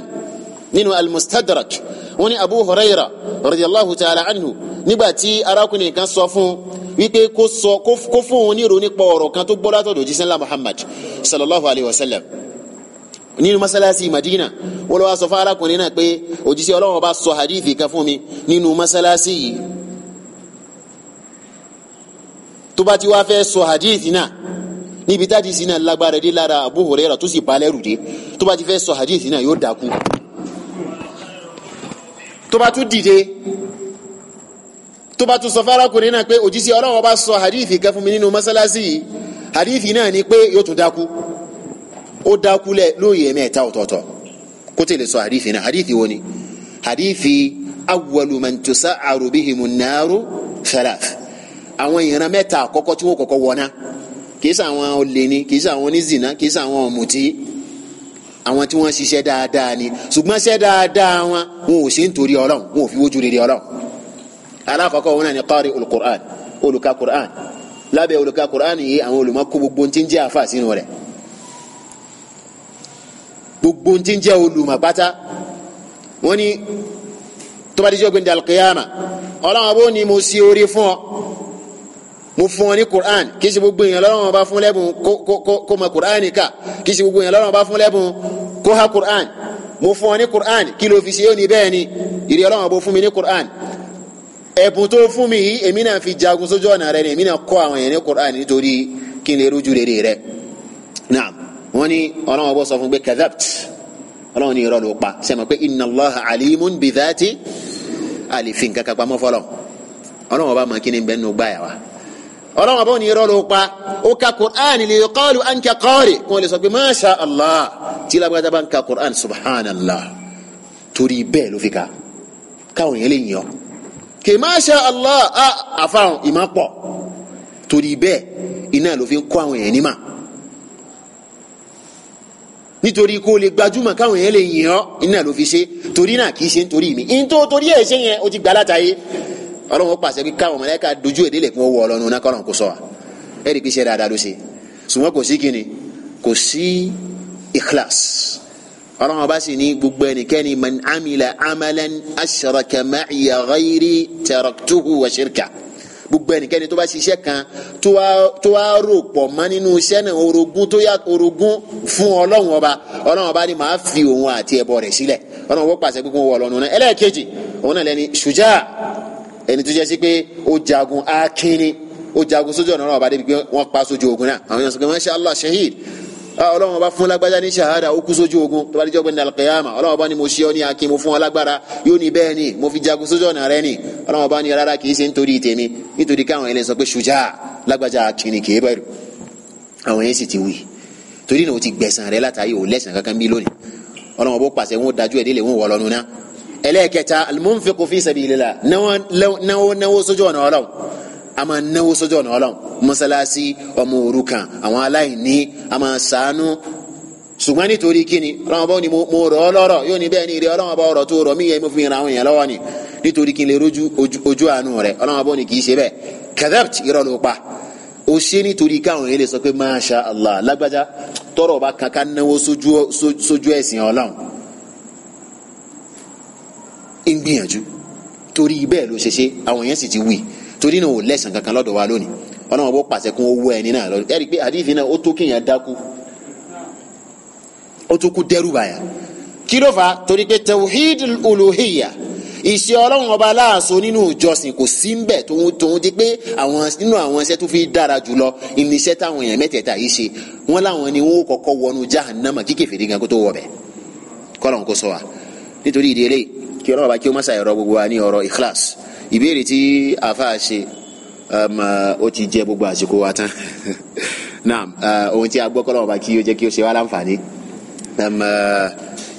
nínú al-mustadrak. al imam al nínú al wọ́n ní abu huraira radiyallahu ta'ala anhu nígbà tí arákùnrin kan sọ fún wípé kó sọ kó fún òun ní ìròyìn pa ọ̀rọ̀ kan tó gbọ́ látọ̀dọ̀ jíṣẹ́ ńlá muhammad sallallahu alayhi wa sallam nínú masalasi madina wọ́n lọ wá sọ fún arákùnrin náà pé òjíṣẹ́ ọlọ́run bá sọ hadithi kan fún mi nínú masalasi yìí tó bá ti wá fẹ́ sọ hadithi náà níbi tá a ti sin náà lágbára dé lára abu huraira tó sì balẹ̀ rù dé tó bá ti fẹ́ sọ hadithi náà yóò dákú tó bá tún dìde tó bá tún sọ fárákùnrin náà pé òjíṣẹ́ Ọlọ́run bá sọ hadithi kan fún mi nínú mọ́sálásí yìí hadithi náà ni pé yóò tún dákú ó dákú lẹ̀ lóye ẹ̀mẹ́ta ọ̀tọ̀ọ̀tọ̀ kó tẹ̀lé sọ hadithi náà hadithi wo ni hadithi awwalu man tusa'aru bihimu naaru thalath àwọn ìran mẹ́ta àkọ́kọ́ tí wọ́n kọ́kọ́ wọ̀ náà kì í ṣe àwọn olè ni kì í àwọn onízìnà kì í àwọn ọ̀mùtí àwọn tí wọ́n ṣiṣẹ́ dáadáa ni ṣùgbọ́n ṣẹ́ dáadáa wọn wọn ò ṣe nítorí ọlọ́run wọn ò fi wojú rere ọlọ́run alákọ̀ọ́kọ́ wọn náà ni qari al-Qur'an olùka Qur'an lábẹ́ olùka Qur'an yìí àwọn olùmọ̀ kó gbogbo tí ń jẹ́ àfa sínú rẹ̀ gbogbo tí ń jẹ́ olùmọ̀ pátá wọ́n ní tó bá dijọ́ gbẹ̀ndẹ̀ al-qiyama ọlọ́run abó ni mo ṣe oore fún ọ mo fún ọ ní quran kì í ṣe gbogbo èèyàn lọ́rùn ọba fún lẹ́bùn kó mọ quran kà kì í ṣe gbogbo èèyàn lọ́rùn ọba fún lẹ́bùn kó ha quran mo fún ọ ní quran kí ló fi ṣe ó ní bẹ́ẹ̀ ni ìrì ọlọ́run ọba fún mi ní quran ẹ̀bùn tó fún mi yìí èmi náà fi jagun sójú ọ̀nà rẹ ni èmi náà kọ́ àwọn èèyàn ní quran nítorí kí n lè rújú rere rẹ náà wọ́n ní ọlọ́run ọba sọ fún pé kadhabt ọlọ́run ní irọ́ pa inna allah alimun bidhati àlìfín kankan pamọ́ fọlọ́ ọlọ́run ọba mọ̀ kí ni bẹ́ẹ̀ nù gbáyà wa ọlọ́run ọba ò ní irọ́ ló pa ó ka quran lè qalu anka qari kò lè sọ pé masha allah tí lágbàdá bá ń ka quran subhanallah torí bẹ́ẹ̀ ló fi ka káwọn yẹn lè yàn kì masha allah a àfahàn ìmọ̀ pọ̀ torí bẹ́ẹ̀ iná ló fi kọ́ àwọn yẹn ní mà nítorí kó lè gbajúmọ̀ káwọn yẹn lè yàn iná ló fi ṣe torí náà kì í ṣe nítorí mi ìntò torí ẹ̀ ṣe yẹn o ti gbà látàyè ọlọ́run pàṣẹ pé káwọn mọ̀lẹ́ka dojú èdè lè fún owó ọlọ́run náà kọ́lọ́n kó sọ wa ẹ̀rí pé iṣẹ́ dáadáa ló ṣe ṣùgbọ́n kò sí kíni kò sí ikhlas ọlọ́run bá sì ní gbogbo ẹnikẹ́ni man amila amalan asharaka ma'iya ghayri taraktuhu gbogbo ẹnikẹ́ni tó bá ṣiṣẹ́ kan tó wá rò pọ̀ mọ́ nínú iṣẹ́ náà orogún tó yà orogún fún ẹni tó jẹ́ sí pé ó jagun akínni ó jagun sójú ọ̀nà ọba débi pé wọ́n pa sójú ogun náà àwọn èèyàn sọ pé masha Allah shahid ah, ọlọ́run ọba fún lágbájá ní ṣahada ó kú sójú ogun tó bá dijọ́ gbẹ̀ndà alqiyama ọlọ́run ọba ni mo ṣe ọ́ ní akin mo fún ọ lágbára yóò ní bẹ́ẹ̀ ni mo fi jagun sójú ọ̀nà rẹ ni ọlọ́run ọba ni rárá kì í ṣe nítorí tèmi nítorí káwọn ẹlẹ́ni sọ pé ṣùjá lágbájá akin kì í bẹ̀rù àwọn yẹn sì ti wí torí náà ó ti gbẹ̀san rẹ látàrí òun lẹ́sàn kankan bí lónìí ọlọ́run ọba ó pàṣẹ wọn ó dájú ẹ̀ délé wọn wọ̀ lọ́nu náà ẹlẹ́ẹ̀kẹta alimunfiku fi sabilillah náwó náwó sójú ọ̀nà ọlọ́run a máa náwó sójú ọ̀nà ọlọ́run mọ́sálásí ọmọ òrukàn àwọn aláìní a máa ṣàánú ṣùgbọ́n nítorí kíni ọlọ́run bá ní mo rọ̀ ọ́ lọ́rọ̀ yóò ní bẹ́ẹ̀ ni ìrẹ́ ọlọ́run bá ọ̀rọ̀ tó rọ̀ mí yẹ mo fi ràn àwọn èèyàn lọ́wọ́ ni nítorí kí n lè rojú ojú àánú rẹ̀ ọlọ́run bá ní kì í ṣe bẹ́ẹ̀ kẹ́dẹ́pt irọ́ ló pa ó ṣe nítorí káwọn èèyàn lè sọ pé masha allah lágbájá tọrọ bá kankan ń gbìyànjú torí bẹ́ẹ̀ ló ṣe ṣe àwọn èèyàn sì ti wí torí náà ò lẹ́sàn kankan lọ́dọ̀ wa lónìí ọlọ́run bó pàṣẹ kún owó ẹni náà lọ́dọ̀ ẹ̀rí pé àdìfí náà ó tó kéèyàn dákú ó tó kú dẹ́rù bàyà kí ló fà á torí pé tawhid uluhiyya ìṣe ọlọ́run ọba aláàṣọ nínú ìjọsìn kò sí nbẹ̀ tòun tòun di pé àwọn nínú àwọn iṣẹ́ tó fi dára jùlọ ìníṣẹ́ táwọn èèyàn mẹ́tẹ̀ẹ̀ta yìí ṣe wọ́n láwọn ni wọ́n kọ́kọ́ wọnú jahannama kí kèfèrí gan kó tó wọ bẹ̀ kọ́lọ́run kó sọ wa nítorí ìdí eléyìí kí ọlọ́run bá kí ó má ṣàyẹ̀rọ gbogbo wa ní ọ̀rọ̀ ikhlas ìbéèrè tí àfa ṣe um, ó ti jẹ gbogbo àsìkò wa tán naam uh, ohun tí a gbọ́ kọ́lọ́run bá kí ó jẹ́ kí ó ṣe wá láǹfààní um, uh,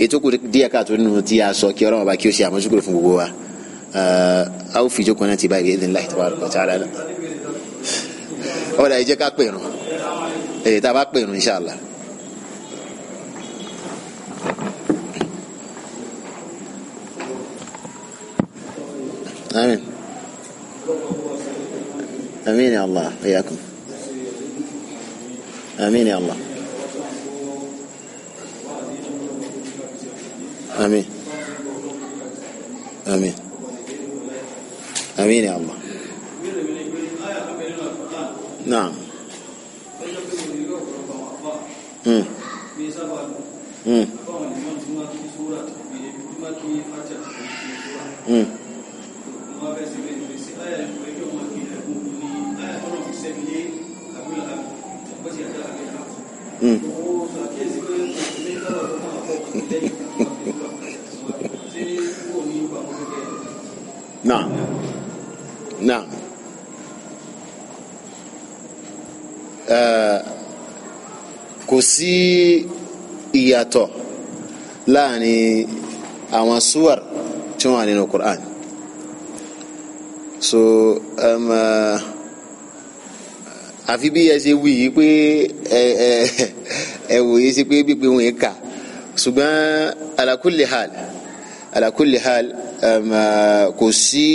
ètò kù díẹ̀ káàtó nínú tí a sọ kí ọlọ́run bá kí ó ṣe àmójúkúrò fún gbogbo wa uh, a ó fi ìjókòó náà ti báyìí bi'idhnillahi tabaraka wa ta'ala آمين آمين يا الله وإياكم آمين يا الله آمين آمين آمين يا الله نعم مم. yàtọ̀ láàrin àwọn suwar tí wọ́n wà nínú Qur'an so um, uh, àfi bí ẹ ṣe wí yìí pé ẹ ẹ ẹ pé gbígbé wọn kà ṣùgbọ́n ala hal alakuli hal um, uh, kò sí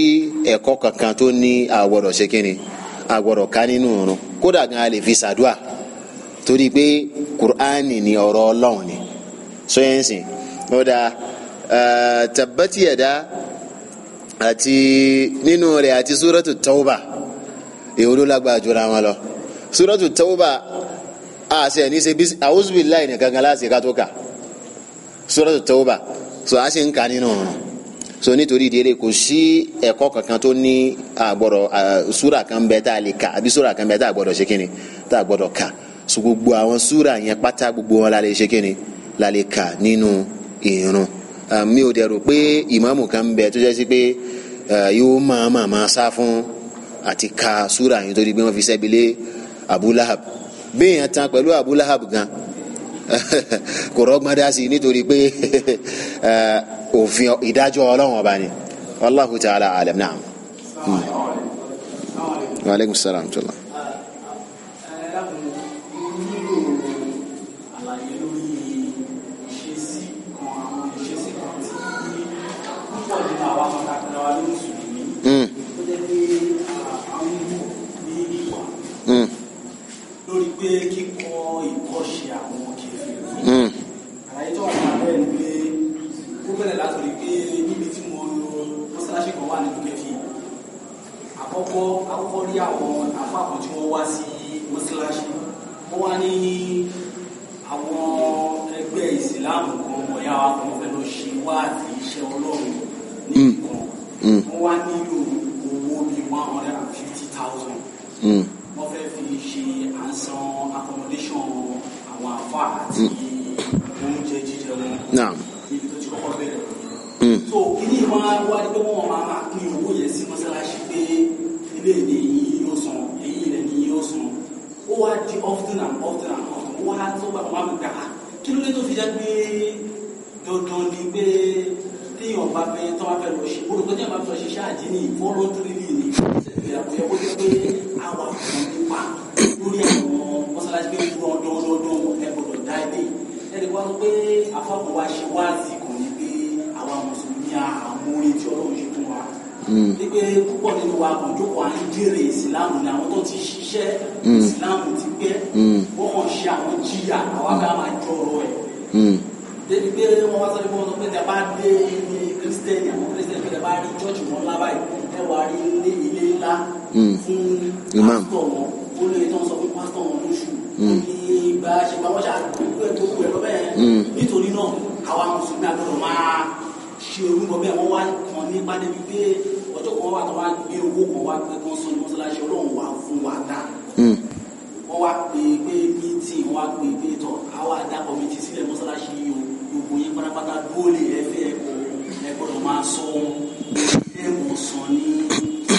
ẹ̀kọ́ kankan tó ní àgbọ̀dọ̀ ṣe kínni àgbọ̀dọ̀ ká nínú ọ̀run kódà gan a lè fi ṣàdúà torí pé Qur'ani ni ọ̀rọ̀ Ọlọ́run ni so yẹn sìn ó dáa tabbati yada ati nínú rẹ̀ àti suratu tawba èwo ló jura wọn lọ suratu tawba àṣẹ ní ṣe bí a'udhu billahi nìkan kan láti ká tó kà suratu tawba so a ṣe ń kà nínú so nítorí ìdíyẹlẹ kò sí ẹ̀kọ́ kankan tó ní àgbọdọ súra kan bẹ tá a lè kà àbí súra kan bẹ tá a gbọ́dọ̀ ṣe kíni tá a gbọ́dọ̀ kà so gbogbo àwọn súra yẹn pátá gbogbo wọn la lè ṣe kíni la lè kà nínú ìrun mi ò dẹ̀rù pé ìmáàmù kan bẹ tó jẹ́ sí pé yóò máa máa máa sá fún àti ka súra yìí torí pé wọ́n fi sẹ́bi lé Abu Lahab béèyàn tan pẹ̀lú Abu gan kò rọ́gbọ́n dá sí nítorí pé òfin ìdájọ́ ọlọ́run ọba ni wallahu ta'ala alam naam. Hmm. wa aleykum salaam wa rahmatulah. wípé kíkọ ìkọ́ṣe àwọn kẹfì hmm. àlàyé tó wà lábẹ́ ni pé ó bẹ̀rẹ̀ látọ̀rí pé níbi tí mo lọ mọ́sálásí kan wà nínú kẹfì àkọ́kọ́ àkọ́kọ́ rí àwọn àfáàkọ́ tí wọ́n wá sí mọ́sálásí wọ́n wá ní àwọn ẹgbẹ́ ìsìláàmù kan ọ̀yá wa kan ṣe wá àti iṣẹ́ ọlọ́run nìkan hmm. hmm. wọ́n wá nílò owó bíi one hundred and fifty thousand. oúnjẹ ti kọ́kọ́ so kíní ìwọ́n á wá pé wọ́n máa máa pín yẹn sí mọ́sálásí pé ilé ìní yìí yóò san èyí rẹ̀ ni yóò san ó wá di often and often and often ó wá tó bá wọn máa gbà á kí ló fi jẹ́ pé dandan ni pé téèyàn bá fẹ́ tó bá fẹ́ lọ ṣe olùkọ́ téèyàn bá fẹ́ lọ ṣe ṣáàjì ní ìfọ́lọ́tìrì wa kò jókòó à ń jèrè ìsìláàmù ni àwọn tó ti ṣiṣẹ́ mm. ìsìláàmù ti pẹ́ wọ́n mm. kàn ṣe àwọn jìyà àwa ká máa jọrọ ẹ̀. Mm. débi pé wọ́n wá sọ pé wọ́n sọ pé tẹ bá dé ní kírísítẹ́nì àwọn kírísítẹ́nì pé tẹ bá rí chọ́ọ̀chì wọn ńlá báyìí ẹ wà rí ilé ilé ńlá fún pásítọ̀ wọn ó lè tán sọ pé pásítọ̀ wọn lóṣù ní ìgbà ṣe bá wọ́n ṣàgbégbé tó kù ẹ̀ lọ́bẹ̀ nítorí náà àwa mùsùlùmí àgbọ̀dọ̀ ọjọ́ kan wà tó wá gbé owó kan wá pé kán sún ní mọ́ṣáláṣí ọlọ́run wà fún wa dá hmm. wọ́n wá pé pé meeting wọ́n wá pé pé tọ̀ àwọn àdá kọ́mítì sílẹ̀ mọ́ṣáláṣí yìí o gbogbo yín pátápátá dúró lè e, ẹ̀fẹ́ ẹ̀kọ́ ẹ̀gbọ́dọ̀ máa sọ ẹ̀wọ̀n sàn ní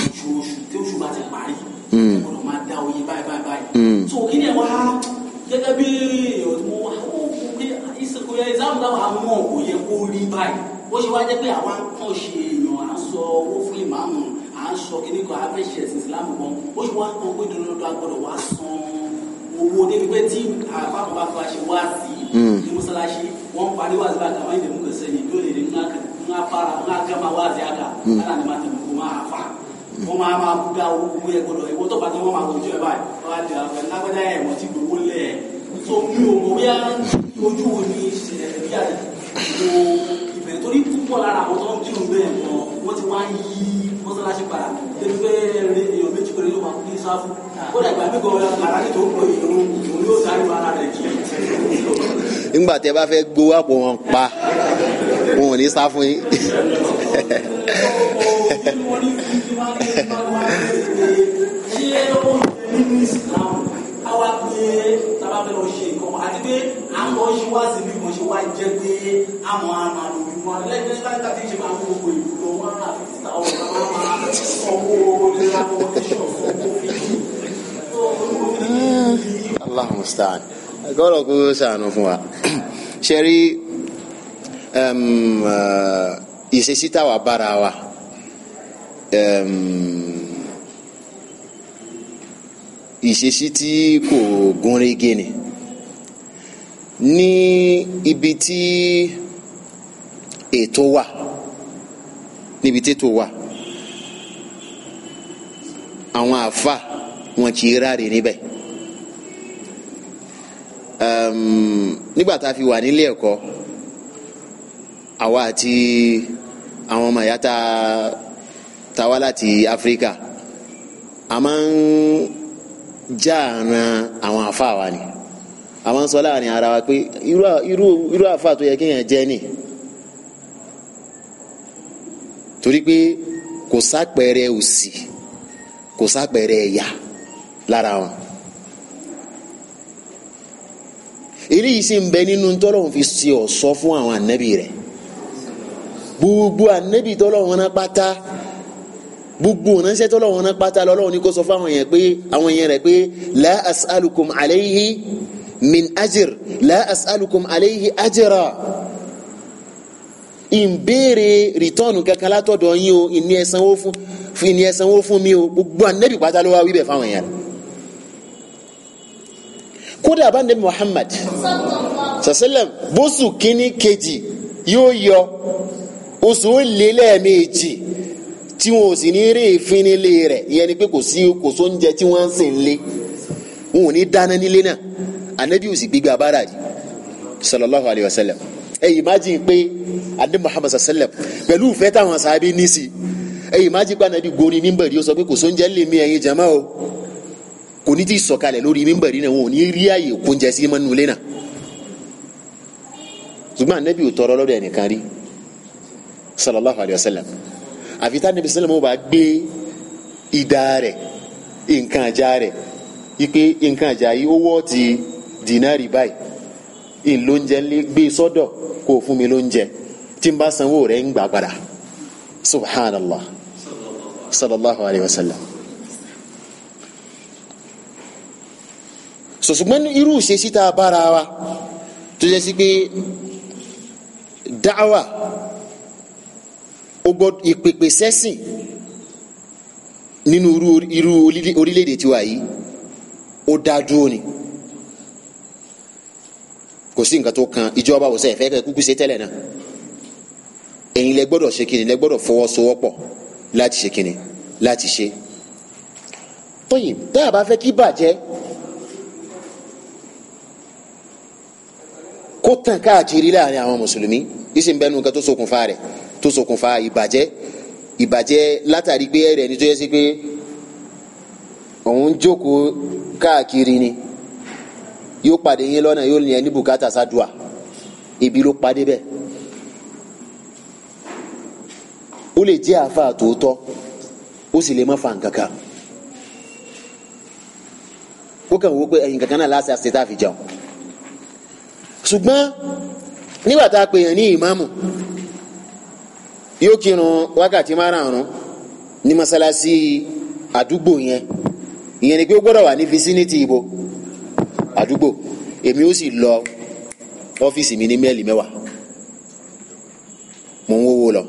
oṣooṣù tí oṣù bá ti parí ẹ̀gbọ́dọ̀ hmm. máa dá oyin báyìí báyìí báyìí hmm. so kí ni ẹ̀ wá gẹ́gẹ́ bí èèyàn tí mo wá ó kú pé ìsìnkú ẹ̀ ìsáàmù táwọn àwọn ọ̀gbọ̀n yẹ kó rí báyìí ó ṣe wá jẹ́ pé àwọn akọ́ṣe ń sọ kíní kan àfẹ́sì ẹ̀sìn ìsìlámù kan ó sì wá kan pé dandandan agbọ́dọ̀ wá san owó débi pé tí àpapọ̀ bá fa ṣe wá sí hmm. ní mọ́sálásí wọ́n ń parí wáṣí báyìí kàmáyé lèmú kẹsẹ̀ yìí yóò lè rí ńlá para ńlá gama wáṣí àgà kálá ni máa máa fà wọ́n máa máa bú dá owó gbogbo yẹn gbọ́dọ̀ ìwọ́n tó bá tẹ́ wọ́n máa gbọ́dọ̀ ẹ̀ báyìí wọ́n ẹ̀ mọ́ tí gbogbo lẹ̀ wọ́n ti wá yí mọ́sálásí padà débi pé èèyàn méjì péré yóò máa kú ní sáfù kódà ìgbà mí gan ara ní tó pọ̀ èèyàn òun yóò dárí ara rẹ̀ kí. nígbà tí ẹ bá fẹ́ gbowó àpò wọn pa wọn ò ní sá fún yín. àwa pé tábà fẹ́ lọ ṣe nǹkan àti pé àwọn ṣe wá sí bí wọ́n ṣe wá jẹ́ pé àwọn àmàlò ìwọ̀n lẹ́gbẹ̀ẹ́ láti ṣe máa ń gbogbo ìlú one hundred and fifty thousand máa máa sanwó léra owó tẹ̀sán fún owó fífi. Allahu musta'an gbọ́dọ̀ sànù fún wa ṣe rí um, uh, ìṣesí bára wa um, ìṣesí tí kò gúnrégé ni ní ibi tí ètò wà. E níbi tètò wa àwọn àfa wọn kì í ráre níbẹ̀ nígbà tá a fi wà nílé ẹ̀kọ́ àwa àti àwọn ọmọ ìyá tá a wá láti Áfíríkà a máa ń já àrùn àwọn àfa wa ni a máa ń sọ láàrin ara wa pé irú àfa tó yẹ kéèyàn jẹ́ nìyí torí pé kò sápẹrẹ òṣì kò sápẹrẹ ẹ̀yà lára wọn. eléyìí sì ń bẹ nínú tọ́lọ́hún fi ṣe ọ̀ṣọ́ fún àwọn ànábì rẹ̀ gbogbo ànábì tọ́lọ́hún náà pátá gbogbo ránṣẹ́ tọ́lọ́hún náà pátá lọ́lọ́hún ni kò sọ fún àwọn yẹn pé àwọn yẹn rẹ̀ pé la as'alukum alayhi min ajir la as'alukum alayhi ajira ìbéèrè rìtọ́ọ̀nù kankan látọ̀dọ̀ yín o ìní ẹ̀sánwó fún ìní ẹ̀sánwó fún mi o gbogbo ànábì pátá ló wá wíbẹ̀ fáwọn èèyàn kódà abánabi Muhammad sàṣẹlẹm bóṣù kínní kejì yóò yọ oṣù ó lé lẹ́ẹ̀mejì tí wọn ò sì ní rí ìfinilé rẹ̀ ìyẹn ni pé kò sí kò sóúnjẹ tí wọ́n ń sìn lé wọn ò ní dáná nílé náà ànábì ò sì gbégbé abáradì sallallahu alayhi wa sallam ẹ imagine pé adé muhammad sallam pẹ̀lú ìfẹ́ táwọn sàábé ní sí ẹ imagine pé anabi gorí mímbẹ̀rì ó sọ pé kò sóúnjẹ lè mi ẹ̀yin jama o kò ní ti sọ̀kalẹ̀ lórí mímbẹ̀rì náà wọn ò ní rí àyè kóúnjẹ sí mọ́nú lẹ́nà ṣùgbọ́n anabi ò tọrọ lọ́dọ̀ ẹnìkan rí sallallahu alayhi wa sallam àfi tá anabi sallam ó bá gbé ìdá rẹ̀ nǹkan àjà rẹ̀ ipe nǹkan àjà yìí ó wọ́ ti dínárì báyìí ìlóúnjẹ gbé e sọ́dọ̀ kó o fún mi lóúnjẹ tí n bá sanwó rẹ̀ ń gbà padà subhanallah sallallahu alayhi wa sallam. sọ̀sùgbọ́n irú ìṣesí tá a bára wa tó yẹ sí pé dáwà ó gbọ́ ìpèpè sẹ́sìn nínú irú orílẹ̀-èdè tiwa yìí ó dá dúró ni. Oru, oru, oru, oru, oru, oru, oru, oru, kò sí nǹkan tó kan ìjọba ò sẹ́yìn fẹ́ kẹ́ kúkú ṣe tẹ́lẹ̀ náà ẹ̀yin lẹ gbọ́dọ̀ ṣe kíni lẹ gbọ́dọ̀ fọwọ́sowọ́pọ̀ láti ṣe kíni láti ṣe. tóyìn tá a bá fẹ́ kí bàjẹ́ kó tàn káàkiri láàrin àwọn mùsùlùmí ìsìn bẹ́ẹ̀ nǹkan tó ṣokùnfà rẹ̀ tó ṣokùnfà ìbàjẹ́ ìbàjẹ́ látàrí pé ẹ̀rẹ̀ ni tó yẹ sí pé òun jókòó káàkiri ni yóò pàdé yín lọ́nà yóò ní ẹni bùkátà sádùá ibi ló pàdé bẹ́ẹ̀ ó lè jẹ́ àáfà tòótọ́ ó sì lè má fa nǹkan kan ó kàn wó pé ẹ̀yìn kankan náà láti àṣetá fi jẹun ṣùgbọ́n nígbà tá a pè yàn ní ìmáàmù yóò kírun wákàtí márùn-ún ní mọ́sálásí àdúgbò yẹn ìyẹn ni pé ó gbọ́dọ̀ wà ní fisiniti ibo àdúgbò èmi ó sì lọ ọ́fíìsì mi ní mẹ́ẹ̀lì mẹ́wàá mò ń wówó lọ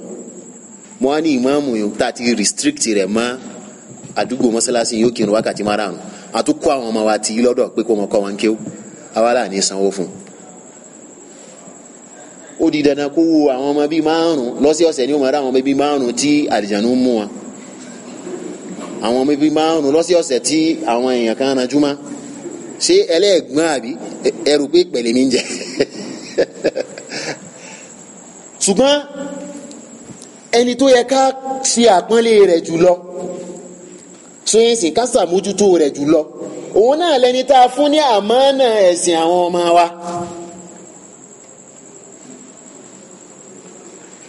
mo á ní ìmáàmù yòó tá a ti restrict rẹ̀ mọ́ àdúgbò mọ́sálásí yóò kírun wákàtí márùn-ún àtúkọ́ àwọn ọmọ wa ti lọ́dọ̀ pé kó wọn kọ́ wọn kéwú àwa là ní sanwó fún un ó di dandan kó wo àwọn ọmọ bíi márùn lọ́sẹ̀ọ̀sẹ̀ ni ó máa rà àwọn ọmọ bíi márùn tí àdìjànú mú wọn àwọn ọmọ bíi márùn lọ́sẹ̀ọ̀sẹ̀ tí àwọn èèyàn kan ranjú mọ́ ṣé ẹlẹ́ẹ̀gbọ́n àbí ẹrù pé pẹ̀lẹ́ mi ń jẹ ṣùgbọ́n ẹni tó yẹ ká ṣe àpọ́nlé rẹ̀ jùlọ ṣéǹsì ká ṣàmójútó rẹ̀ jùlọ òun náà lẹni tá a fún ní àmánà ẹ̀sìn àwọn ọmọ wa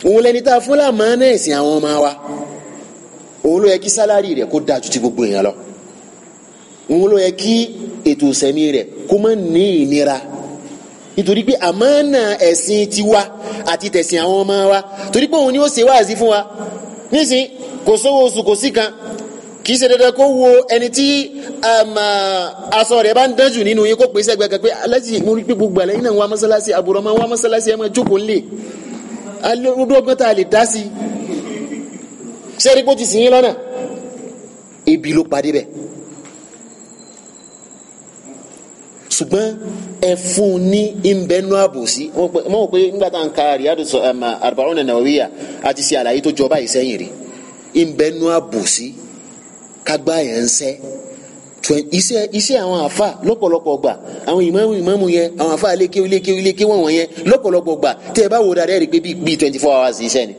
òun lẹni tá a fún lámánà ẹ̀sìn àwọn ọmọ wa òun ló yẹ kí sálárì rẹ̀ kó dáa ti gbogbo èèyàn lọ òun ló yẹ kí ètò ìsẹ̀mí rẹ̀ kó má ní ìnira nítorí pé àmánà ẹ̀sìn tiwa àti tẹ̀sìn àwọn ọmọ wa torí pé òun ni ó ṣe wáàzí fún wa nísìn kò sówó oṣù kò sí kan kì í ṣe dandan kó wo ẹni tí um, uh, aṣọ rẹ̀ bá ń dánjù nínú yín kó pèsè ẹgbẹ́ kan pé aláṣẹ ah, mo rí pé gbogbo àlẹ́ yín náà wá mọ́sálásí àbúrò máa wá mọ́sálásí ẹ̀ máa jókòó ńlẹ̀ alódó ọgbọ́n lè dá sí i ṣé rí pé ó ti sìn yín lọ́nà ebi ló padì bẹ́ẹ̀. ṣùgbọ́n ẹ fún un ní ìbẹ́nu àbòsí mo mọ̀ pé nígbà tá à ń ka Riyadu Arba'una Nawawiyya àti ṣe àlàyé tó jọba yìí sẹ́yìn rí ìbẹ́nu àbòsí kágbá yẹn ń sẹ́ iṣẹ́ iṣẹ́ àwọn àfa lọ́pọ̀lọpọ̀ gbà àwọn ìmáàmù ìmáàmù yẹn àwọn àfa lékéwú lékéwú lékéwú wọn yẹn lọ́pọ̀lọpọ̀ gbà tẹ́ ẹ bá wò dáadáa rí pé bíi twenty four hours iṣẹ́ ni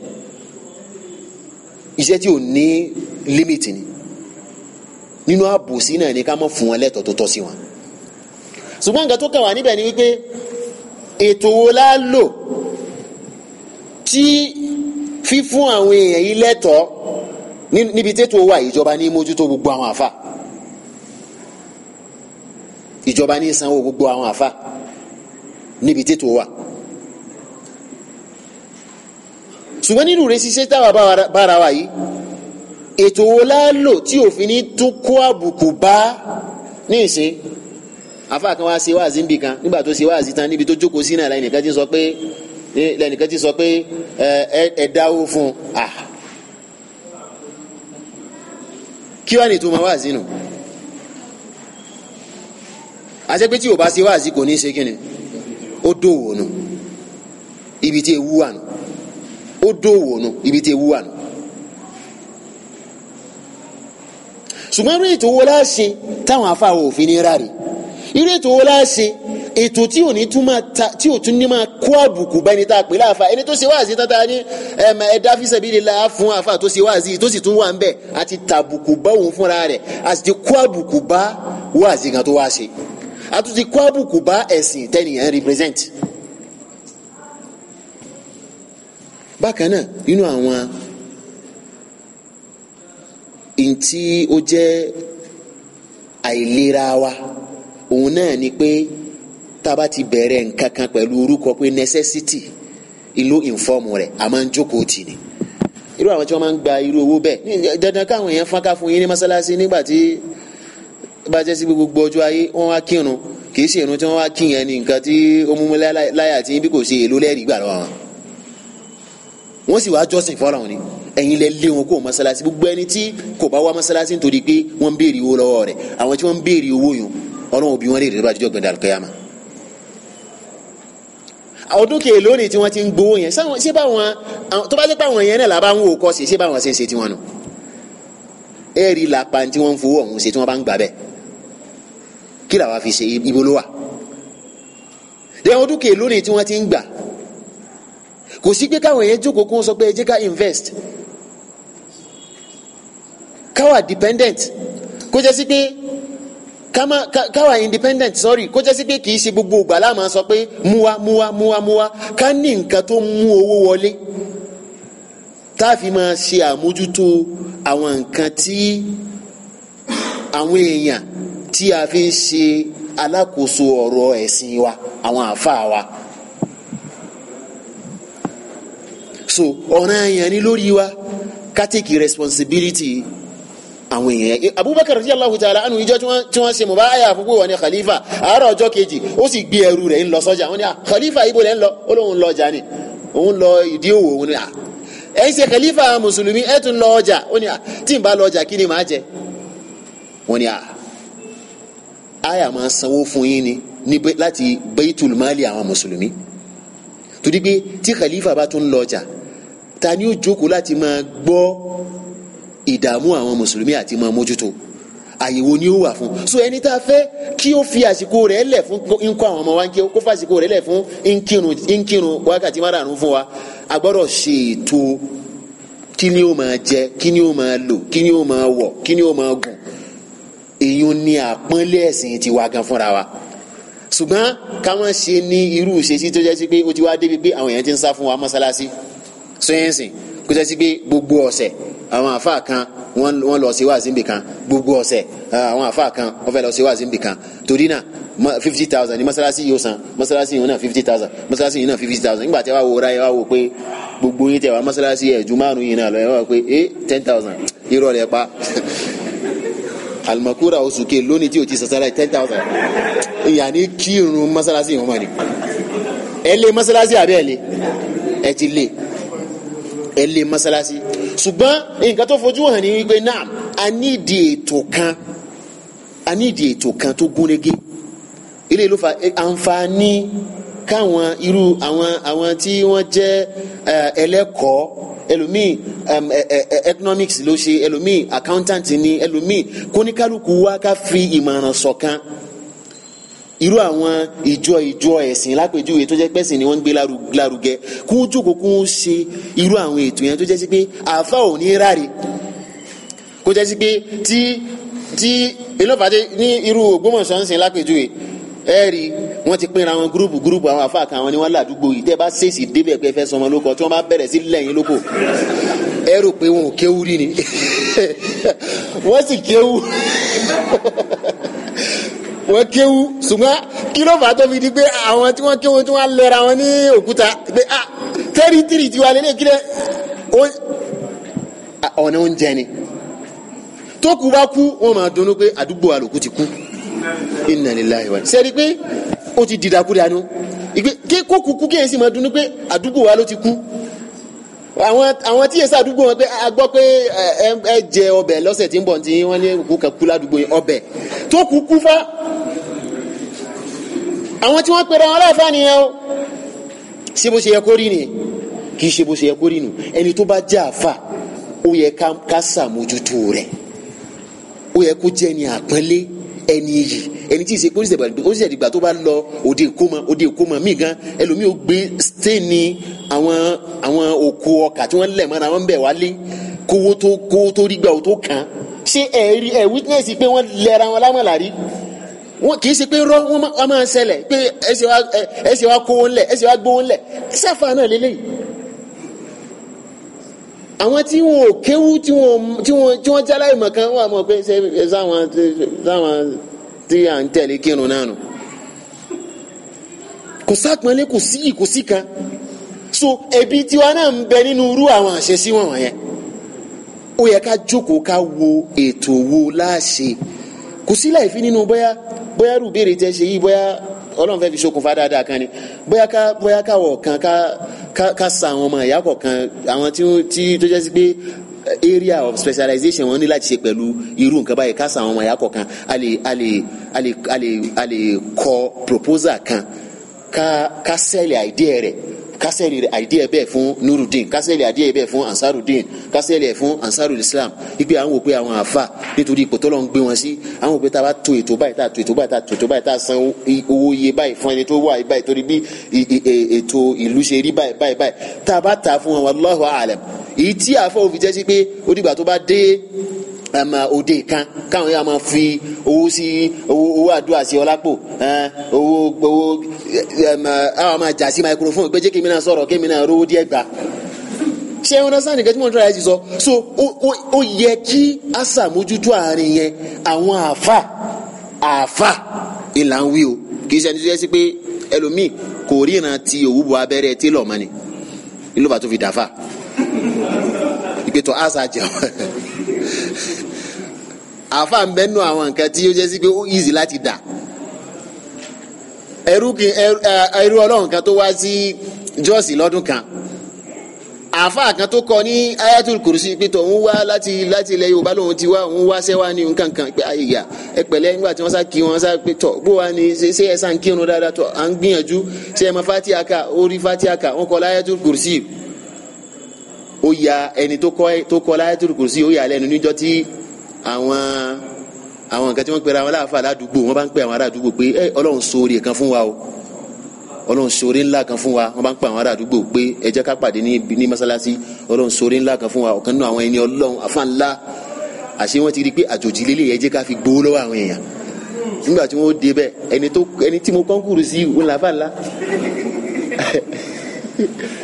iṣẹ́ tí ò ní límìtì ni nínú àbòsí náà ni ká má fún wọn lẹ́tọ̀ọ́ tó tọ́ sí wọn ṣùgbọ́n nǹkan tó kàn wá níbẹ̀ ni wípé ètò wo la lò tí fífún àwọn èèyàn yìí lẹ́tọ̀ọ́ níbi tètò wà ìjọba ní mójútó gbogbo àwọn àfa ìjọba ní sanwó gbogbo àwọn àfa níbi tètò wà. ṣùgbọ́n nínú rẹ̀ ṣiṣẹ́ táwa bára wa yìí ètò wo la lò tí òfin ní tún kó àbùkù bá ní ìṣe afa kan wá ṣe wáàzí nbì kan nígbà tó ṣe wáàzí tán níbi tó jókòó sí náà lẹ́nìkan ti sọ pé lẹ́nìkan ti sọ pé ẹ dáwó fún un ah. kí wàá nìtúmọ̀ wáàzí nù àṣẹ pé tí o bá ṣe wáàzí kò ní í ṣe kí ó dòwò nù ibi tí ewu wà nù ó dòwò nù ibi tí ewu wà nù. ṣùgbọ́n rí ètò láṣẹ táwọn afáwọ̀ òfin ní ráre irú ètò wo la ṣe ètò tí ò ní tún máa ta tí ò tún ní máa kó àbùkù bá ẹni tá a pè láàfà ẹni tó ṣe wáàzí tata ní ẹ̀dá fisabilillah fún àfà tó ṣe wáàzí tó sì tún wà ń bẹ̀ àti tàbùkù bá òun fúnra rẹ̀ àti ti kó àbùkù bá wáàzí kan tó wá ṣe àti ti kó àbùkù bá ẹ̀sìn tẹ́nìyàn represent. bákan náà nínú àwọn ntí ó jẹ́ àìlera wa. You know, òun náà ni pé tá a bá ti bẹ̀rẹ̀ nǹkan kan pẹ̀lú orúkọ pé necessity ìlú ìnfọ́ọ̀mù rẹ̀ a máa ń jókòó tì ní irú àwọn tí wọ́n máa ń gba irú owó bẹ́ẹ̀ dandan káwọn èèyàn fọ́nká fún yín ní mọ́sálásí nígbà tí bá jẹ́ sí gbogbo ọjọ́ ayé wọ́n wá kírun kì í ṣe irun tí wọ́n wá kí yẹn ní nǹkan tí ó mú láyà tí bí kò ṣe èlò lẹ́rìí gbà lọ́wọ́ wọn sì wá jọ́sìn fọ́lọ́run ni ẹ̀yin lẹ lé wọn kó mọ́sálásí gbogbo ẹni tí kò bá wá mọ́sálásí nítorí pé wọ́n ń béèrè owó lọ́wọ́ rẹ̀ àwọn tí wọ́n ń béèrè owó yẹn ọlọ́run òbí wọn lè rí lọ́ba àtijọ́ gbẹ̀dẹ̀ àlùkẹ́yàmà ọdún kìí lónìí tí wọ́n ti ń gbowó yẹn ṣé báwọn tó bá jẹ́ pé àwọn yẹn náà làbá ń wò kọ́ sí ṣé báwọn ṣe ń ṣe tiwọn nù ẹ rí lápá tí wọ́n ń fowó ọ̀hún ṣe tí wọ́n bá ń gbà bẹ́ẹ̀ kí làwọn fi ṣe ibo ló wà lẹ́yìn ọdún kìí lónìí tí wọ́n ti ń gbà kò sí pé káwọn yẹn jókòó kó sọ pé jẹ́ ká invest káwa dependent kó jẹ́ sí pé kama káwa independent sorry kó jẹ́ sí pé kì í ṣe gbogbo ìgbà la máa sọ pé muwa muwa muwa muwa ká ní nǹkan tó mú owó wọlé tá a fi máa ṣe àmójútó àwọn nǹkan tí àwọn èèyàn tí a fi ń ṣe alákòóso ọ̀rọ̀ ẹ̀sìn wa àwọn àáfàá wa so ọ̀ràn èèyàn ni lórí wa ká take responsibility àwọn èèyàn eh, abubakar radiyallahu ta'ala anhu ìjọ tí wọ́n ṣe mubaya àfúgbò wọn ni khalifa àárọ̀ ọjọ́ kejì ó sì gbé ẹrù rẹ̀ ń lọ sọ́jà wọ́n ah, khalifa ibo lẹ́ ń lọ ó lóun lọ ọjà ni òun lọ ìdí òwò òun ni ẹ̀ ń ṣe khalifa mùsùlùmí ẹ̀ tún lọ ọjà ó ní ah, tí n bá lọ ọjà kí ni màá jẹ wọ́n ní àyà ah, máa sanwó fún yín ni láti baitul mali àwọn mùsùlùmí torí pé tí khalifa bá tún lọ ọjà ta ni ó jókòó láti máa gbọ́ ìdààmú àwọn mùsùlùmí àti máa mójútó àyèwò ni ó wà fún so ẹni tá a fẹ́ kí ó fi àsìkò rẹ̀ lẹ̀ fún nkọ́ àwọn ọmọ wa nkí kó fàsìkò rẹ̀ lẹ̀ fún nkírun wákàtí márààrún fún wa a gbọ́dọ̀ ṣe ètò kí ni ó máa jẹ kí ni ó máa lò kí ni ó máa wọ̀ kí ni ó máa gùn èyí ni àpọ́nlé ẹ̀sìn ti wá gan fúnra wa ṣùgbọ́n káwọn ṣe ní irú ìṣesí tó jẹ́ sí pé ó ti wá débi pé àwọn èèyàn ti ń sá fún wa mọ́sálásí sọ́yẹ́nsìn kó jẹ́ sí pé gbogbo ọ̀sẹ̀ àwọn àfa kan wọ́n lọ sí wáàsí nbìkan gbogbo ọ̀sẹ̀ ah, àwọn àfa kan wọ́n fẹ́ lọ sí wáàsí nbìkan torí náà fifty thousand ní masalasi yóò san masalasi yóò náà fifty thousand masalasi yóò náà fifty thousand nígbà tí wàá wòra yẹ wàá wò pé gbogbo yín tẹ wàá masalasi yẹ ju márùn yín náà lọ yẹ wàá pé eh ten thousand irọ́ rẹ̀ pa alimakura oṣù ke lónìí tí o ti sasara ten thousand yanni kírun masalasi yìí wọn ni ẹ lé masalasi àbí ẹ lé ẹ ti lé ẹ lé masalasi ṣùgbọ́n nǹkan tó fojú hàn ní wípé náà a ní ìdí ètò kan a ní ìdí ètò kan tó gúnrégé eléyìí ló fa àǹfààní káwọn irú àwọn àwọn tí wọ́n jẹ́ eh, ẹlẹ́kọ̀ọ́ ẹlòmíì eh, eh, economics ló ṣe ẹlòmíì accountant ni ẹlòmíì kóníkálukú wa ká fi ìmọ̀ràn ṣọ̀kan. So irú àwọn ìjọ ìjọ ẹ̀sìn lápèjúwe tó jẹ́ pẹ́sìn ni wọ́n ń gbé lárugẹ kún jókòó kún ṣe irú àwọn ètò yẹn tó jẹ́ sí pé àáfà ò ní ráre kó jẹ́ sí pé tí tí ìlọ́fàdé ní irú Ògbómọ̀ṣọ́ ń sìn lápèjúwe ẹ rí wọn ti pinra wọn gúrúùpù gúrúùpù àwọn afa kan àwọn ni wọn ládùúgbò yìí tẹ bá ṣèṣì débẹ̀ pé fẹ́ sọmọ lóko tí wọn bá bẹ̀rẹ̀ sí lẹ́yìn lóko ẹ rò pé wọn ò kéwú rí ni wọn sì kéwú wọ́n kéwu ṣùgbọ́n kí ló fà á tó fi di pé àwọn tí wọ́n kéwu tí wọ́n lẹ́ra wọn ní òkúta pé ah tẹ́rìtìrì tiwa lélẹ̀ kí lẹ́ ah, ọ̀nà oúnjẹ ni tó kú bá kú wọ́n máa dunnú pé àdúgbò àlòkù ti kú inna lillahi wa sẹ́ni pé ó ti dìdàkú dànù kí kó kú kú kéèyàn sì máa dunnú pé àdúgbò wa ló ti kú àwọn àwọn tí yẹsẹ àdúgbò wọn pé ah, a gbọ́ pé eh, eh, ẹ jẹ ọbẹ̀ lọ́sẹ̀ tí ń bọ̀ ní wọ́n ní òkú kan kú ládùúgbò yẹn ọbẹ̀ tó kú kú fá àwọn tí wọ́n pèrè wọn láàfáà nìyẹn o ṣé bó ṣe yẹ kó rí ni kì í ṣe bó ṣe yẹ kó rí nu ẹni tó bá jẹ́ àfà ó yẹ ká ṣàmójútó rẹ̀ ó yẹ kó jẹ́ ni àpọ́nlé ẹni yìí ẹni tí ì ṣe pé oríṣiríṣi ìdìgbà tó bá lọ òde ìkómọ òde ìkómọ míì gan ẹlòmíì ó gbé stéènì àwọn àwọn òkú ọkà tí wọ́n lẹ̀ mọ́ra wọ́n bẹ̀ wálé kówó tó kówó tó rí gbà ó tó kàn án ṣé ẹ̀rí ẹ̀ wítínẹ̀sì pé wọ́n lẹ́ra wọn lámọ̀lárí wọn kì í ṣe pé rọ wọn máa ṣẹlẹ̀ pé ẹsẹ̀ wa ẹsẹ̀ wa kówó ńlẹ̀ ẹsẹ̀ wa gbówó ńlẹ̀ sáfà náà lélẹ́yìí àwọn tí wọn ò kéwú tí wọn tí wọn tí wọn jálá ìmọ̀ kan wà mọ̀ pé ṣe sáwọn sáwọn tí à ń tẹ̀lé kírun náà nù kò sápọnlé kò sí kò kan so ẹbí tiwa náà ń bẹ nínú irú àwọn àṣẹsí wọn wọ̀nyẹn ó yẹ ká jókòó ká wo ètò wo láṣẹ kò sí láì fi nínú bóyá bóyá rú béèrè tẹ ṣe yìí bóyá ọlọ́run fẹ́ fi ṣokùnfà dáadáa kan ni bóyá ká bóyá káwọ̀ kan ká ká sa àwọn ọmọ ìyá kọ̀ọ̀kan àwọn tí tí tó jẹ́ sí pé area of specialization wọn ní láti ṣe pẹ̀lú irú nǹkan báyìí ká sa àwọn ọmọ ìyá kọ̀ọ̀kan a lè a lè a lè a lè a lè kọ proposal kan ká ká sẹ́ẹ̀lì idea rẹ̀ kásẹ̀lì àìdíyẹ bẹ́ẹ̀ fún nurudin kásẹ̀lì àìdíyẹ bẹ́ẹ̀ fún ansarudin kásẹ̀lì ẹ̀ ansarul islam ipe àwọn òpè àwọn àfa nítorí ipò tọ́lọ́ ń gbé wọn sí àwọn òpè tá a bá to ètò báyìí tá a to ètò báyìí tá a to ètò báyìí tá a san owó iye báyìí fún ẹni tó wà yìí báyìí torí bí e, ètò ìlú ṣe rí báyìí báyìí báyìí tá ta fún wọn wallahu a'lam èyí tí àfọ̀ òfin jẹ́ sí pé ó tó bá dé ẹmọ òde kan káwọn yóò máa fi owó sí owó owó àdúrà sí ọlápò owó owó ẹmọ àwọn máa jà sí microphone pé jẹ́ kí mi náà sọ̀rọ̀ kí mi náà rówó díẹ̀ gbà ṣé wọn sáà nìkan tí mo ń tọ́ra ẹ ti sọ so ó yẹ kí a ṣàmójútó àárín yẹn àwọn àáfà àáfà ìlà ń wí o kì í ṣe ẹni tó yẹ sí pé ẹlòmíì kò ríran ti òwúbo abẹ́rẹ́ tí lọ́ọ̀mọ́ ni ìlú bàtó fi dàáfà ìgbẹ́tọ̀ àṣà jẹun. àfa ń bẹ́nu àwọn nǹkan tí ó jẹ́ sí pé ó easy láti dà ẹrú kì ẹrú ọlọ́run kan tó wá sí jọ́ọ̀sì lọ́dún kan àfa kan tó kọ ní ayatul kùrùsì pé tó ń wá láti láti ilẹ̀ yorùbá lòun ti wá òun wá sẹ́wá ní nǹkan kan pé àyà ẹ nígbà tí wọ́n sá kí wọ́n sá pé tọ̀ bó wa ni ṣé ẹ sá ń kírun dáadáa tọ̀ à ń gbìyànjú ṣé ẹ mọ fatiha orí fatiha ká kọ láyatul kùrùsì ó ya ẹni tó kọ́ tó kọ́ láyàtúrú kùrùsí ó yà á lẹ́nu níjọ́ tí àwọn àwọn nǹkan tí wọ́n pera àwọn aláàfáà aládùúgbò wọ́n bá ń pè àwọn aládùúgbò pé ẹ ọlọ́run ṣoore kan fún wa o ọlọ́run ṣoore ńlá kan fún wa wọ́n bá ń pè àwọn aládùúgbò pé ẹ jẹ́ ká pàdé ní mọ́sálásí ọlọ́run ṣoore ńlá kan fún wa ọ̀kan nínú àwọn ẹni ọlọ́run àfa ńlá àṣé wọ́n ti rí pé àjòjì yẹn jẹ́ ká fi gbowó lọ́wọ́ àwọn èèyàn nígbà tí wọ́n dé bẹ́ẹ̀ ẹni tí mo kọ́ńkùrù sí ńláfà ńlá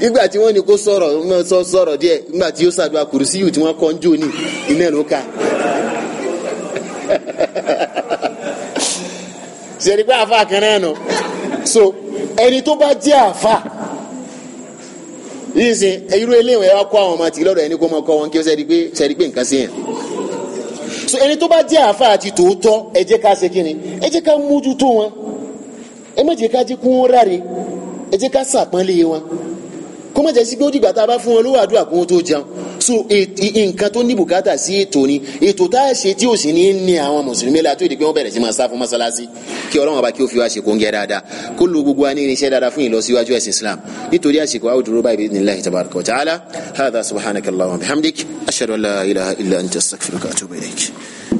igba ti wọn ni kó sọrọ sọ sọrọ díẹ̀ nígbà ti yóò ṣàdúrà kùrùsí yìí tí wọn kọ ń jò ní iná ló kà. sẹ́ni pé àfa so ẹni tó bá jẹ́ àfa yìí sìn irú eléwọ̀n ẹ wá kó ọmọ àti lọ́dọ̀ ẹni kó mọ kọ́ wọn kí ó sẹ́ni pé sẹ́ni so ẹni tó bá jẹ́ àti tòótọ́ ẹ jẹ́ ká ṣe wọn ẹ má jẹ́ ká jẹ́ kún ráre kó má jẹ́ sí pé ó dìgbà tá a bá fún wọn lówó àdúrà kó wọn tó jẹun so e, e, nǹkan tó ní bùkátà sí ètò ni ètò tá a ṣe tí ò sì ní ní àwọn mùsùlùmí la tó ìdí pé wọ́n bẹ̀rẹ̀ sí máa sá fún mọ́sálásí kí ọlọ́run ọba kí ó fi wá ṣe kó ń gẹ dáadáa kó lo gbogbo wa irinṣẹ́ dáadáa fún ìlọsíwájú ẹ̀sìn Islam nítorí àsìkò àwọn báyìí bi'idhnillahi tabaraka wa ta'ala